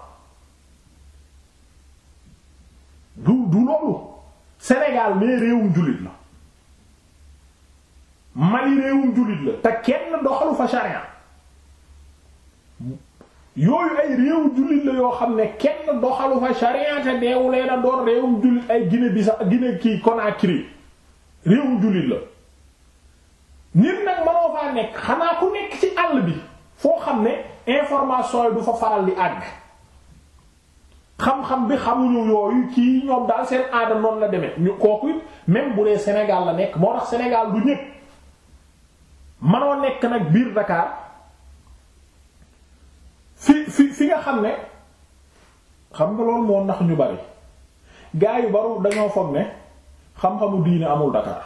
du du loolu Sénégal mais réewum jullit la Mali réewum jullit la te kenn doxalu fa charia yooyu ay réew jullit la yoo xam ne kenn doxalu fa charia te deewu leen doon réewum jullit ay Guinée Bissau Guinée kii Conakry réewum jullit la nit nag manoo faa nekk xanaa ku nekk ci àll bi foo xam ne information yi du fa faral di àgg xam-xam bi xamuñu yooyu ci ñoom daal seen aada noonu la deme ñu kooku même bu dee Sénégal la nekk moo tax Sénégal du ñépp manoo nekk nag biir Dakar fi fi fi nga xam ne xam nga loolu moo ndax ñu bari gaa yu baru dañoo foog ne xam-xamu diine amul Dakar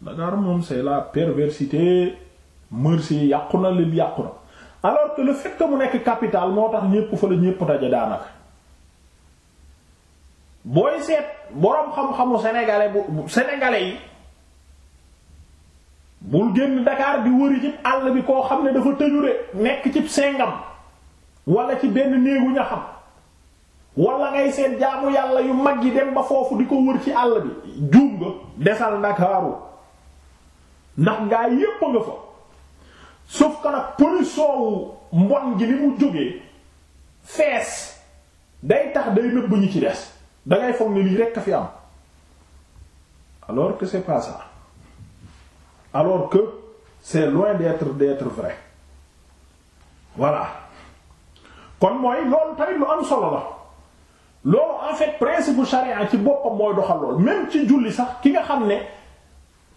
Dakar moom c'est la perversité mœurs yi yàqu na lim yàqu na alors que le fait mu nekk capitale moo tax ñépp fa la ñépp daje daanaka. booy seet boroom xam-xamu sénégalais bu sénégalais yi bul génn Dakar bi wëri ci àll bi koo xam ne dafa tëju de nekk ci sengam wala ci benn néegu ña xam wala ngay seet jaamu yàlla yu mag yi dem ba foofu di ko wër ci àll bi juum nga desal Ndakaaru ndax ngaa yépp nga fa sauf que nag pollution mbon gi li mu jógee fees day tax day nëbb ci des dangay foog ni lii rekk a fi am alors que c'est pas ça alors que c'est loin d'être d'être vrai voilà kon mooy loolu tamit lu am solo la loolu en fait principe bu charia ci boppam mooy doxal lool même ci julli sax ki nga xam ne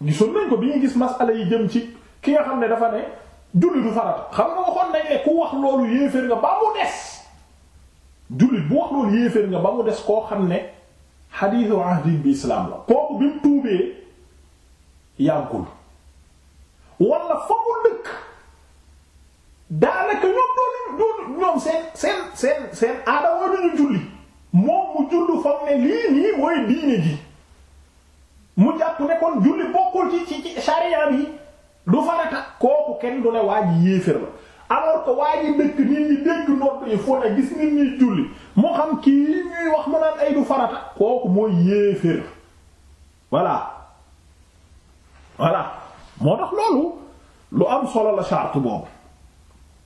gisoon nañ ko bi ñuy gis masala yi jëm ci ki nga xam ne dafa ne julli du farata xam nga waxoon nañ ku wax loolu yéeféer nga ba mu des jullit bu wax loolu yéeféer nga ba mu des koo xam ne xadiisu ahdi bi islaam la kooku bi mu tuubee yàggul wala fa mu dëkk daanaka ñoom doon doon ñoom seen seen seen seen aada woo julli moom mu jullu foog ne lii nii mooy diine gi mu jàpp ne julli bokkul ci ci ci sharia bi du farata kooku kenn du ne waa yéeféer la alors que waa ji dëkk nit ñi dégg nopp yi foo ne gis nit ñuy julli moo xam kii yi ñuy wax mu naan ay du farata kooku mooy yéeféer voilà voilà moo tax loolu lu am solo la charte boobu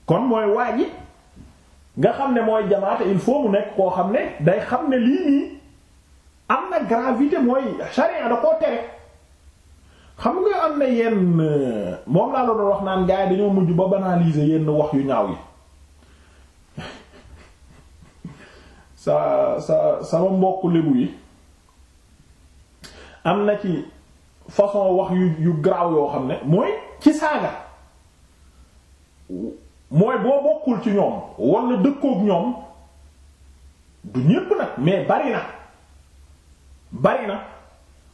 kon mooy waa ji nga xam ne mooy jamaate il faut mu nekk koo xam ne day xam ne lii nii am na gravité mooy charia da koo tere xam nga am na yenn moom laa la doon wax naan gars yi dañoo mujj ba banaliser yenn wax yu ñaaw yi <laughs> sa sa sama mbokk lébu yi am na ci façon wax yu garaaw yoo xam ne mooy ci saaga mooy boo bokkul ci ñoom wala dëkkook ñoom du ñépp nag mais bari na bari na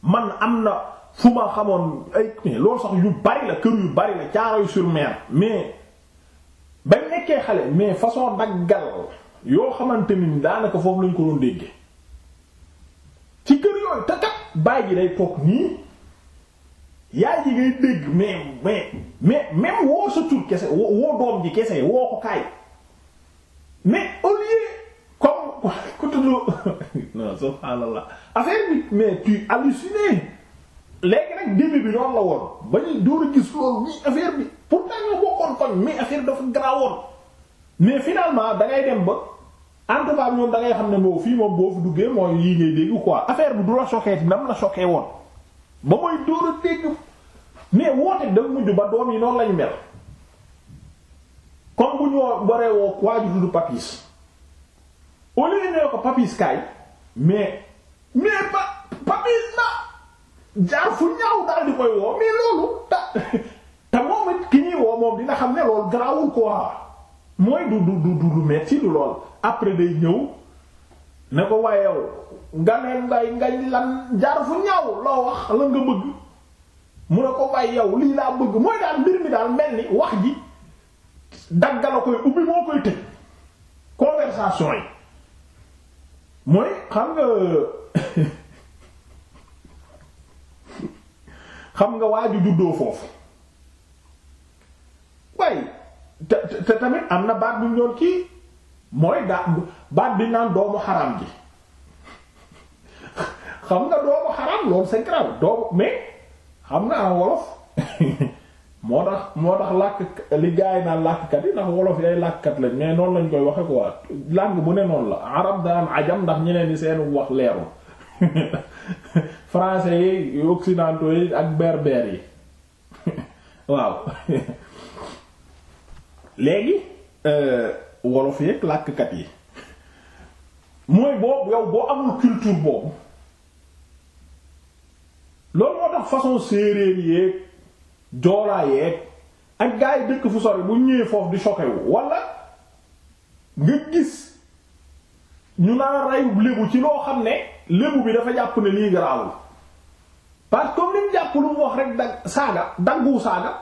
man am na fu ma xamoon ay loolu sax yu bari la kër yu bari la caaral sur mer mais ba nekkee xale mais façon daggal yoo xamante ni daanaka foofu lañ ko doon déggee ci kër yooyu te kat baay ji day toog nii yaay ji ngay dégg mais mais mais même woo sa tur kese woo doom ji kese woo ko kaay mais au comme ku tudd <laughs> non subhanallah affaire bi mais tu halluciné léegi nag début bi noonu la woon ba ñuy door a gis loolu muy affaire bi pourtant ñoo bokkoon koñ mais affaire dafa garaawoon mais finalement da ngay dem ba en tout cas da ngay xam ne moom fii moom affaire bi du nam la choqué woon ba mooy door woote da mujj ba doom yi noonu lañu mel comme bu ñu waree woo waa ju tudd papis au ko papis kaay mais mais ba na jaar fu ñaaw daal di koy woo mais loolu ta te moom it ki ñuy woo moom dina xam ne loolu garaawul quoi mooy du du du du metti du lool après day ñëw ne ko wayew nga ne ngay ngay lan jaar fu ñaaw loo wax la nga bëgg mu ne ko way yow lii laa bëgg mooy daal mbir mi daal mel ni wax ji daggala koy ubbi moo koy tëj conversation yi mooy xam nga xam nga waa ju juddoo foofu waaye te te tamit am na baat bu ñu kii mooy daa baat bi naan doomu xaram ji xam nga doomu xaram loolu c'est grave doomu mais xam nga wolof <laughs> moo tax moo tax làkk li gars yi naan làkkkat yi ndax wolof yay làkkkat lañ mais noonu lañ koy waxe quoi langue bu ne noonu la arab daan ajam ndax ñeneen ñi seen wax leerul <laughs> français yi occidentaux yi ak berbères yi <laughs> waaw <laughs> léegi euh, wolof yeeg làkkat yi mooy boobu yow boo amul culture boobu loolu moo tax façon séeréer yeeg joolaa ak gaa yi dëkk fu sori bu ñëwee foofu di choqué wu wala nga gis ñu naan reyu lébu ci loo xam ne lébu bi dafa jàpp ne lii garaawul parce que comme mu jàpp lu mu wax rek dag saaga daggu saaga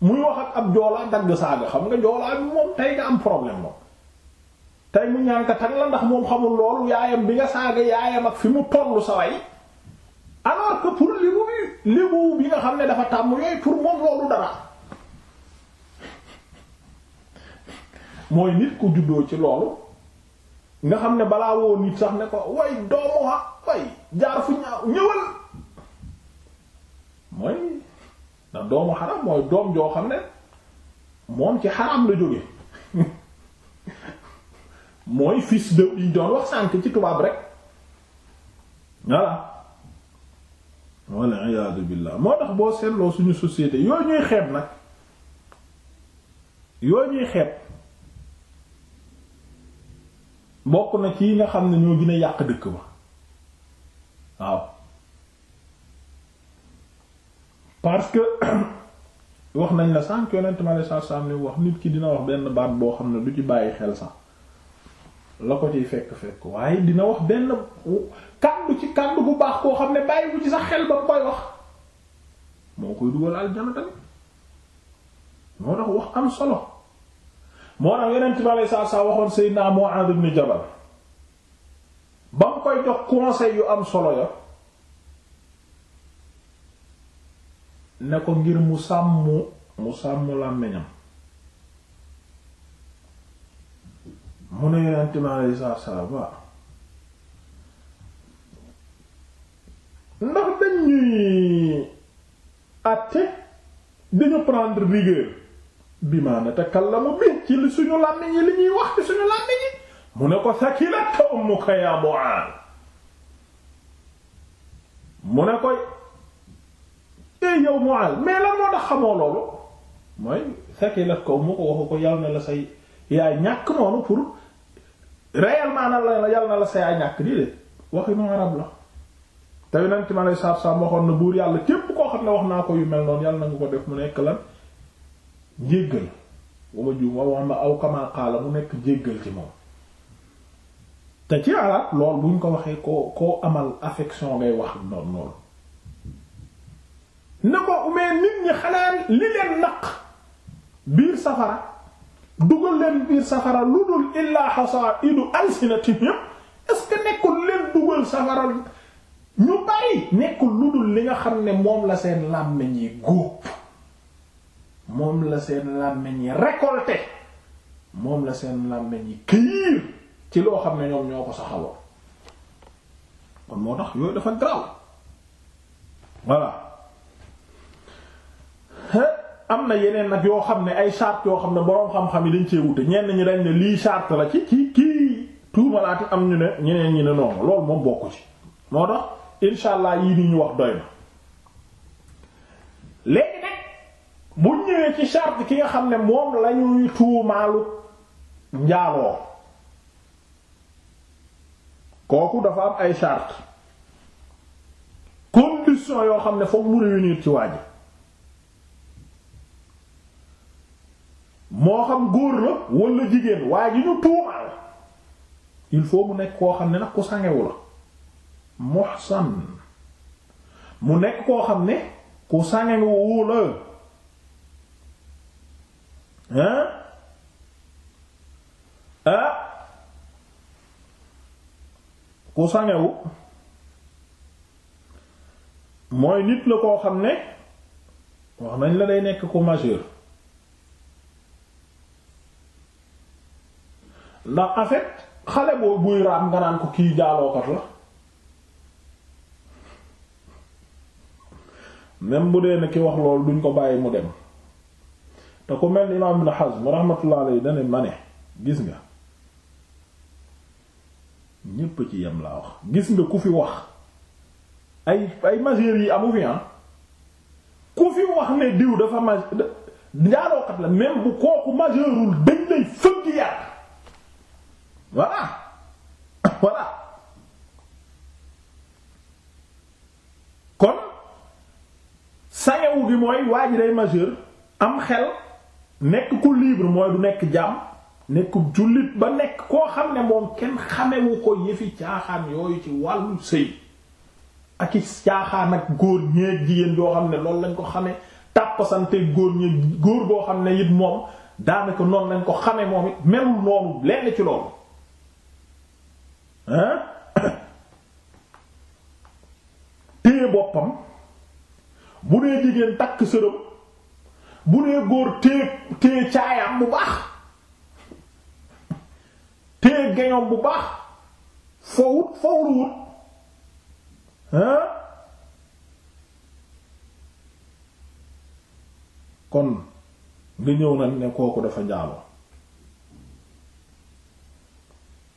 muy wax ak ab joolaa dagg saaga xam nga joolaa bi moom tey mu ñànka tag la ndax moom xamul loolu yaayam bi nga saaga yaayam ak fi mu tollu sa way alors que pour lébu bi nga xam ne dafa tàmm yooyu pour moom loolu dara mooy nit ku juddoo ci loolu nga xam ne balaa woo nit sax ne ko way doomu way jaar fu ñaaw ñëwal mooy ndax doomu xaram mooy doom joo xam ne moom ci xaram la jóge <laughs> mooy fils de yi doon wax sànk ci tubaab rek voilà walla iyaadu billaah moo tax boo seetloo suñu société yooyu ñuy xeeb nag yooyu ñuy xeeb bokk na ci yi nga xam ne ñoo gën a yàq dëkk ba waaw parce que <clears throat> wax nañ la sànq yonent ma la sax ni wax nit ki dina wax benn baat boo xam ne du ci bàyyi xel sax la ko ciy fekk fekk waaye dina wax benn kàddu ci kàddu bu baax koo xam ne bàyyi bu ci sax xel ba mu koy wax moo koy dugal aljana moo tax wax am solo moo tax yonent ma la sax sax waxoon Seydina Mu'adh ibn Jabal ba mu koy jox conseil yu am solo ya ne ko ngir mu sàmm mu sàmm làmmiñam mu ne yonent mi alayhi salaatu salaam waaw ndax dañuy àtte dañu prendre rigueur bi maana takallamu bi ci li suñu làmmiñ yi li ñuy wax ci suñu làmmiñ yi mu ne ko sakilatka ummuka ya Mu'aaz mu ne koy éy eh, yow Mu'aaz mais lan moo tax xamoo loolu mooy sakilatka ummuka waxu ko yal na la sa yaay ñàkk noonu pour réellement na la yal na la sa yaay ñàkk di de waxi ma arab la te yonent ma lay saab-saab waxoon na buur yàlla képp koo xam ne wax naa ko yu mel noonu yàlla na ko def mu nekk lan jéggal bu ma juum wax aw kamaa mu nekk jéggal ci moom te ci arab lool buñ ko waxee koo koo amal affection ngay wax noonu loolu na ko mais nit ñi xanaa li leen naq biir safara dugal leen biir safara lu dul illaa hasaidu alsinatihim est-ce que nekkul leen dugal safara ñu bari nekkul lu dul li nga xam ne moom la seen làmmiñ yi góob moom la seen làmmiñ yi récolté moom la seen làmmeñ yi cueillir ci loo xam ne ñoom ñoo ko saxaloon kon moo tax yooyu dafa graw voilà am na yeneen nag yoo xam ne ay charte yoo xam ne boroom xam-xam yi dañ cee wute ñenn ñi dañ ne lii charte la ci ci kii tuumalaati am ñu ne ñeneen ñi ne noonu loolu moom bokku ci moo tax insha allah yii ni ñu wax doy na léegi nag bu ñëwee ci charte ki nga xam ne moom lañuy tuumaalu njaaloo kooku dafa am ay charte condition yoo xam ne fokk mu réunir ci waaj moo xam góor la wala jigéen waa ji ñu tuumaal il faut mu nekk koo xam ne nag ku sangewu la muhsan mu nekk koo xam ne ku sangewu la hein ku sangewu mooy nit la koo xam ne wax nañ la day nekk ku majeur ndax en fait xale boo buy raam nga naan ko kii jaalookat la même bu dee ne ki wax loolu duñ ko bàyyi mu dem te ku mel ni imaam Ibn Hazm rahmatullah alayhi dane ma ne gis nga ñépp ci yem laa wax gis nga ku fi wax ay ay majeur yi amu fi ah ku fi wax ne diw dafa ma njaalookat la même bu kooku majeurul dañ lay fëgg yàq voilà <laughs> voilà kon sangewu gi mooy waa ji am xel nekk ku libre mooy du nekk jàmm nekkub jullit ba nekk koo xam ne moom kenn xamewu ko yëfi caaxaan yooyu ci wàllu sëy ak i caaxaan ak góor ñeeg jigéen yoo xam ne loolu lañ ko xamee tàppasante góor ñeeg góor boo xam ne it moom daanaka noon lañ ko xamee moom it melul noonu lenn ci loolu hein <coughs> téye boppam bu dee jigéen takk sërëm bu dee góor téye téye caayam bu baax téye geñoom bu baax fowut fowruwut hein kon nga ñëw nag ne kooku dafa njaaloo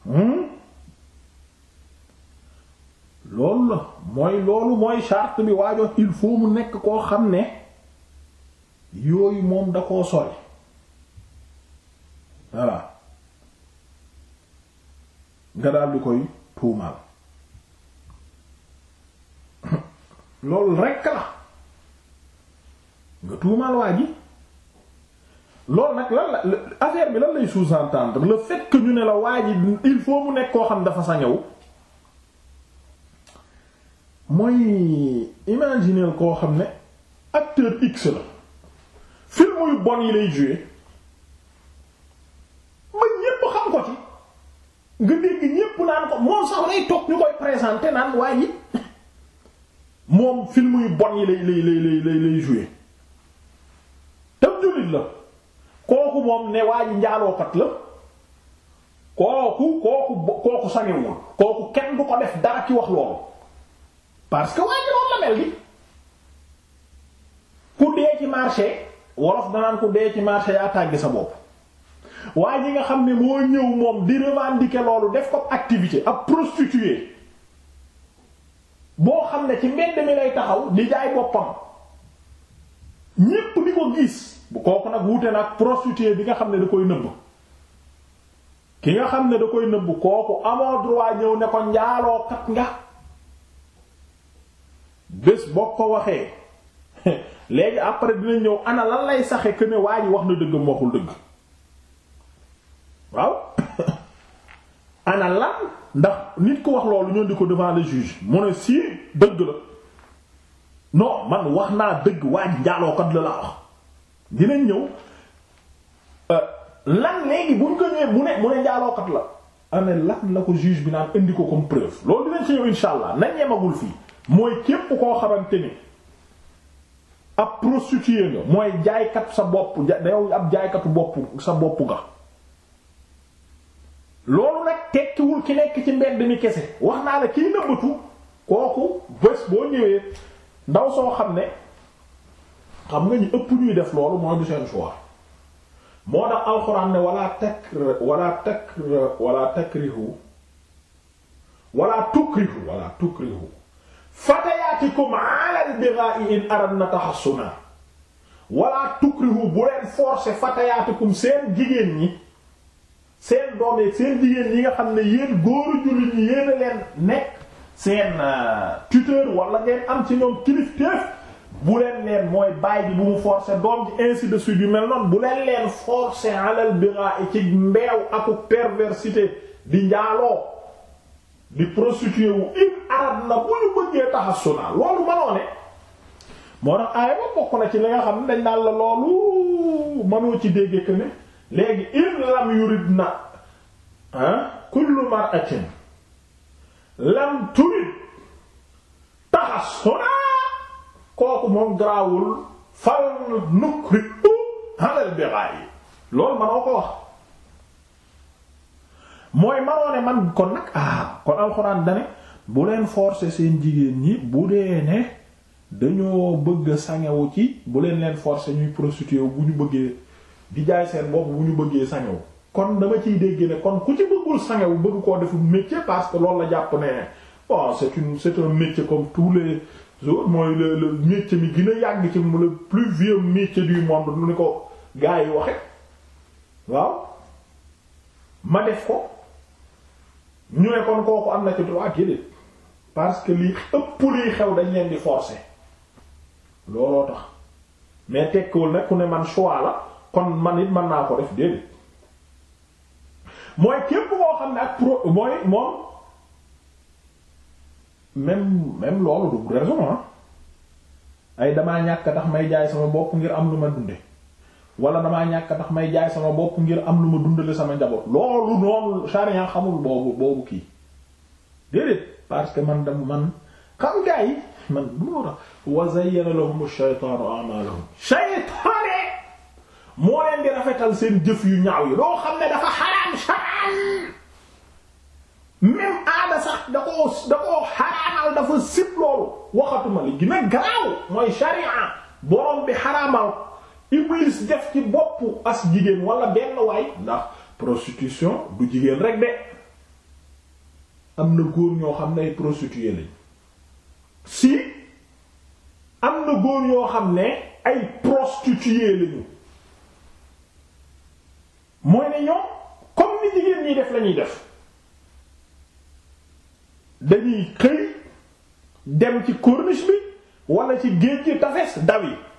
hmm loolu la mooy loolu mooy charte bi waajox il mu nekk koo xam ne yooyu moom da koo sori voilà nga daal di koy tuumaal loolu rekk la nga tuumaal waa ji loolu nag lan la affaire bi lan lay sous-entendre le fait que ñu ne la waa ji il mu nekk koo xam dafa sañaw mooy imaginer koo xam ne acteur X la film bon yi lay jouer nga dégg ñépp naan ko moom sax lay toog ñu koy présenter naan waaye moom film yu bon yi lay lay lay lay lay jullit la kooku moom ne waa ji njaalookat la kooku kooku kooku kooku kenn du ko def dara ci wax loolu parce que waa ji la mel gi ku dee ci marché wolof danaan ku dee ci marché yaa tàgg sa bopp waaye ji nga xam ne moo ñëw moom di revendiquer loolu def ko activité ab prostituée boo xam ne ci mbedd mi lay taxaw di jaay boppam ñépp di ko gis bu kooku nag wuute nag prostituée bi nga xam ne da koy nëbb ki nga xam ne da koy nëbb kooku amoo droit ñëw ne ko njaalookat nga bés boo ko waxee <laughs> léegi après dina ñëw ana lan lay saxe que ne waa ji wax na dëgg mu waxul dëgg ana lan ndax nit ku wax loolu ñoo di ko devant le juge mu ne si dëgg la non man wax naa dëgg waaj njaalookat la laa wax dinañ ñëw euh, lan léegi buñ ko ñëwee mu ne mu ne njaalookat la ana lan la ko juge bi naan indi ko comme preuve loolu dinañ ci ñëw insha nañ yemagul fii mooy képp koo xamante ni ab prostituée nga mooy jaaykat sa bopp yow ab jaaykatu bopp sa bopp nga loolu nag tekkiwul ki nekk ci mbedd mi kese wax naa la kii nëbbatu kooku bés boo ñëwee ndaw soo xam ne xam nga ñu ëpp ñuy def loolu mooy du seen choix moo tax alxuraan ne wala takr wala takr wala takrihu wala tukrihu wala tukrihu fatayaatikum ala al-bigha'i in aradna tahassuna wala tukrihu bu leen forcer fatayaatikum seen jigéen ñi seen doom yi seen jigéen ñi nga xam ne yéen góoru jullit ñi yéen a leen nekk seen euh, tuteur wala ngeen am ci ñoom kilifteef bu leen leen mooy baay bi bu mu forcer doom ji ainsi de suite yu mel noonu bu leen leen forcer alal bira i ci mbeew aku perversité di njaaloo di prostitué wu in arab na bu ñu bëggee taxasuna loolu moo tax ci li nga xam dañ naan la loolu mënoo ci dégg que ne léegi in lam yuridna ah kullu mar'atin lam turid taxassuna kooku moom garaawul fal nukri u halal biraay loolu manoo ko wax mooy manoo ne man kon nag ah kon alxuraan dane bu leen forcer seen jigéen ñi bu dee ne dañoo bëgg sangewu ci bu leen leen forcer ñuy prostituer bu ñu bëggee di jaay seen bopp bu ñu bëggee sangewu kon dama ciy dégg ne kon ku ci bëggul sangewu bëgg koo defu métier parce que loolu la jàpp ne bon c'est une c'est un métier comme tous les autres mooy le le métier mi gën a yàgg ci le plus vieux métier du monde lu ni ko gars yi waxe waaw ma def ko ñu kon kooku am na ci droit déedéet parce que lii ëpp liy xew dañ leen di forcer looloo tax mais tekkiwul nag ku ne man choix la kon man it mën naa ko def déedéet mooy képp koo xam ne ak pro mooy moom même même loolu du raison ah ay damaa ñàkk tax may jaay sama bopp ngir am lu ma dunde wala damaa ñàkk tax may jaay sama bopp ngir am lu ma dundale sama njaboot loolu noonu charia xamul boobu boobu kii déedéet parce que man dam man xam gaa yi man bu ma tax wa zayyana lahum ash-shaytanu a'malahum shaytan moo leen di rafetal seen jëf yu ñaaw yi loo xam ne dafa xaraam xaraam même aada sax da koo da dafa sib loolu waxatuma li gën a garaaw mooy sharia borom bi xaraamal iblis def ci boppu as jigéen wala benn waay ndax prostitution du jigéen rek de am na góor ñoo xam ne ay prostitué lañ am na góor ñoo xam ne ay lañu mooy ne ñoom comme ni jigéen ñi def lañuy def dañuy xëy dem ci corniche bi wala ci géej gi tafes daw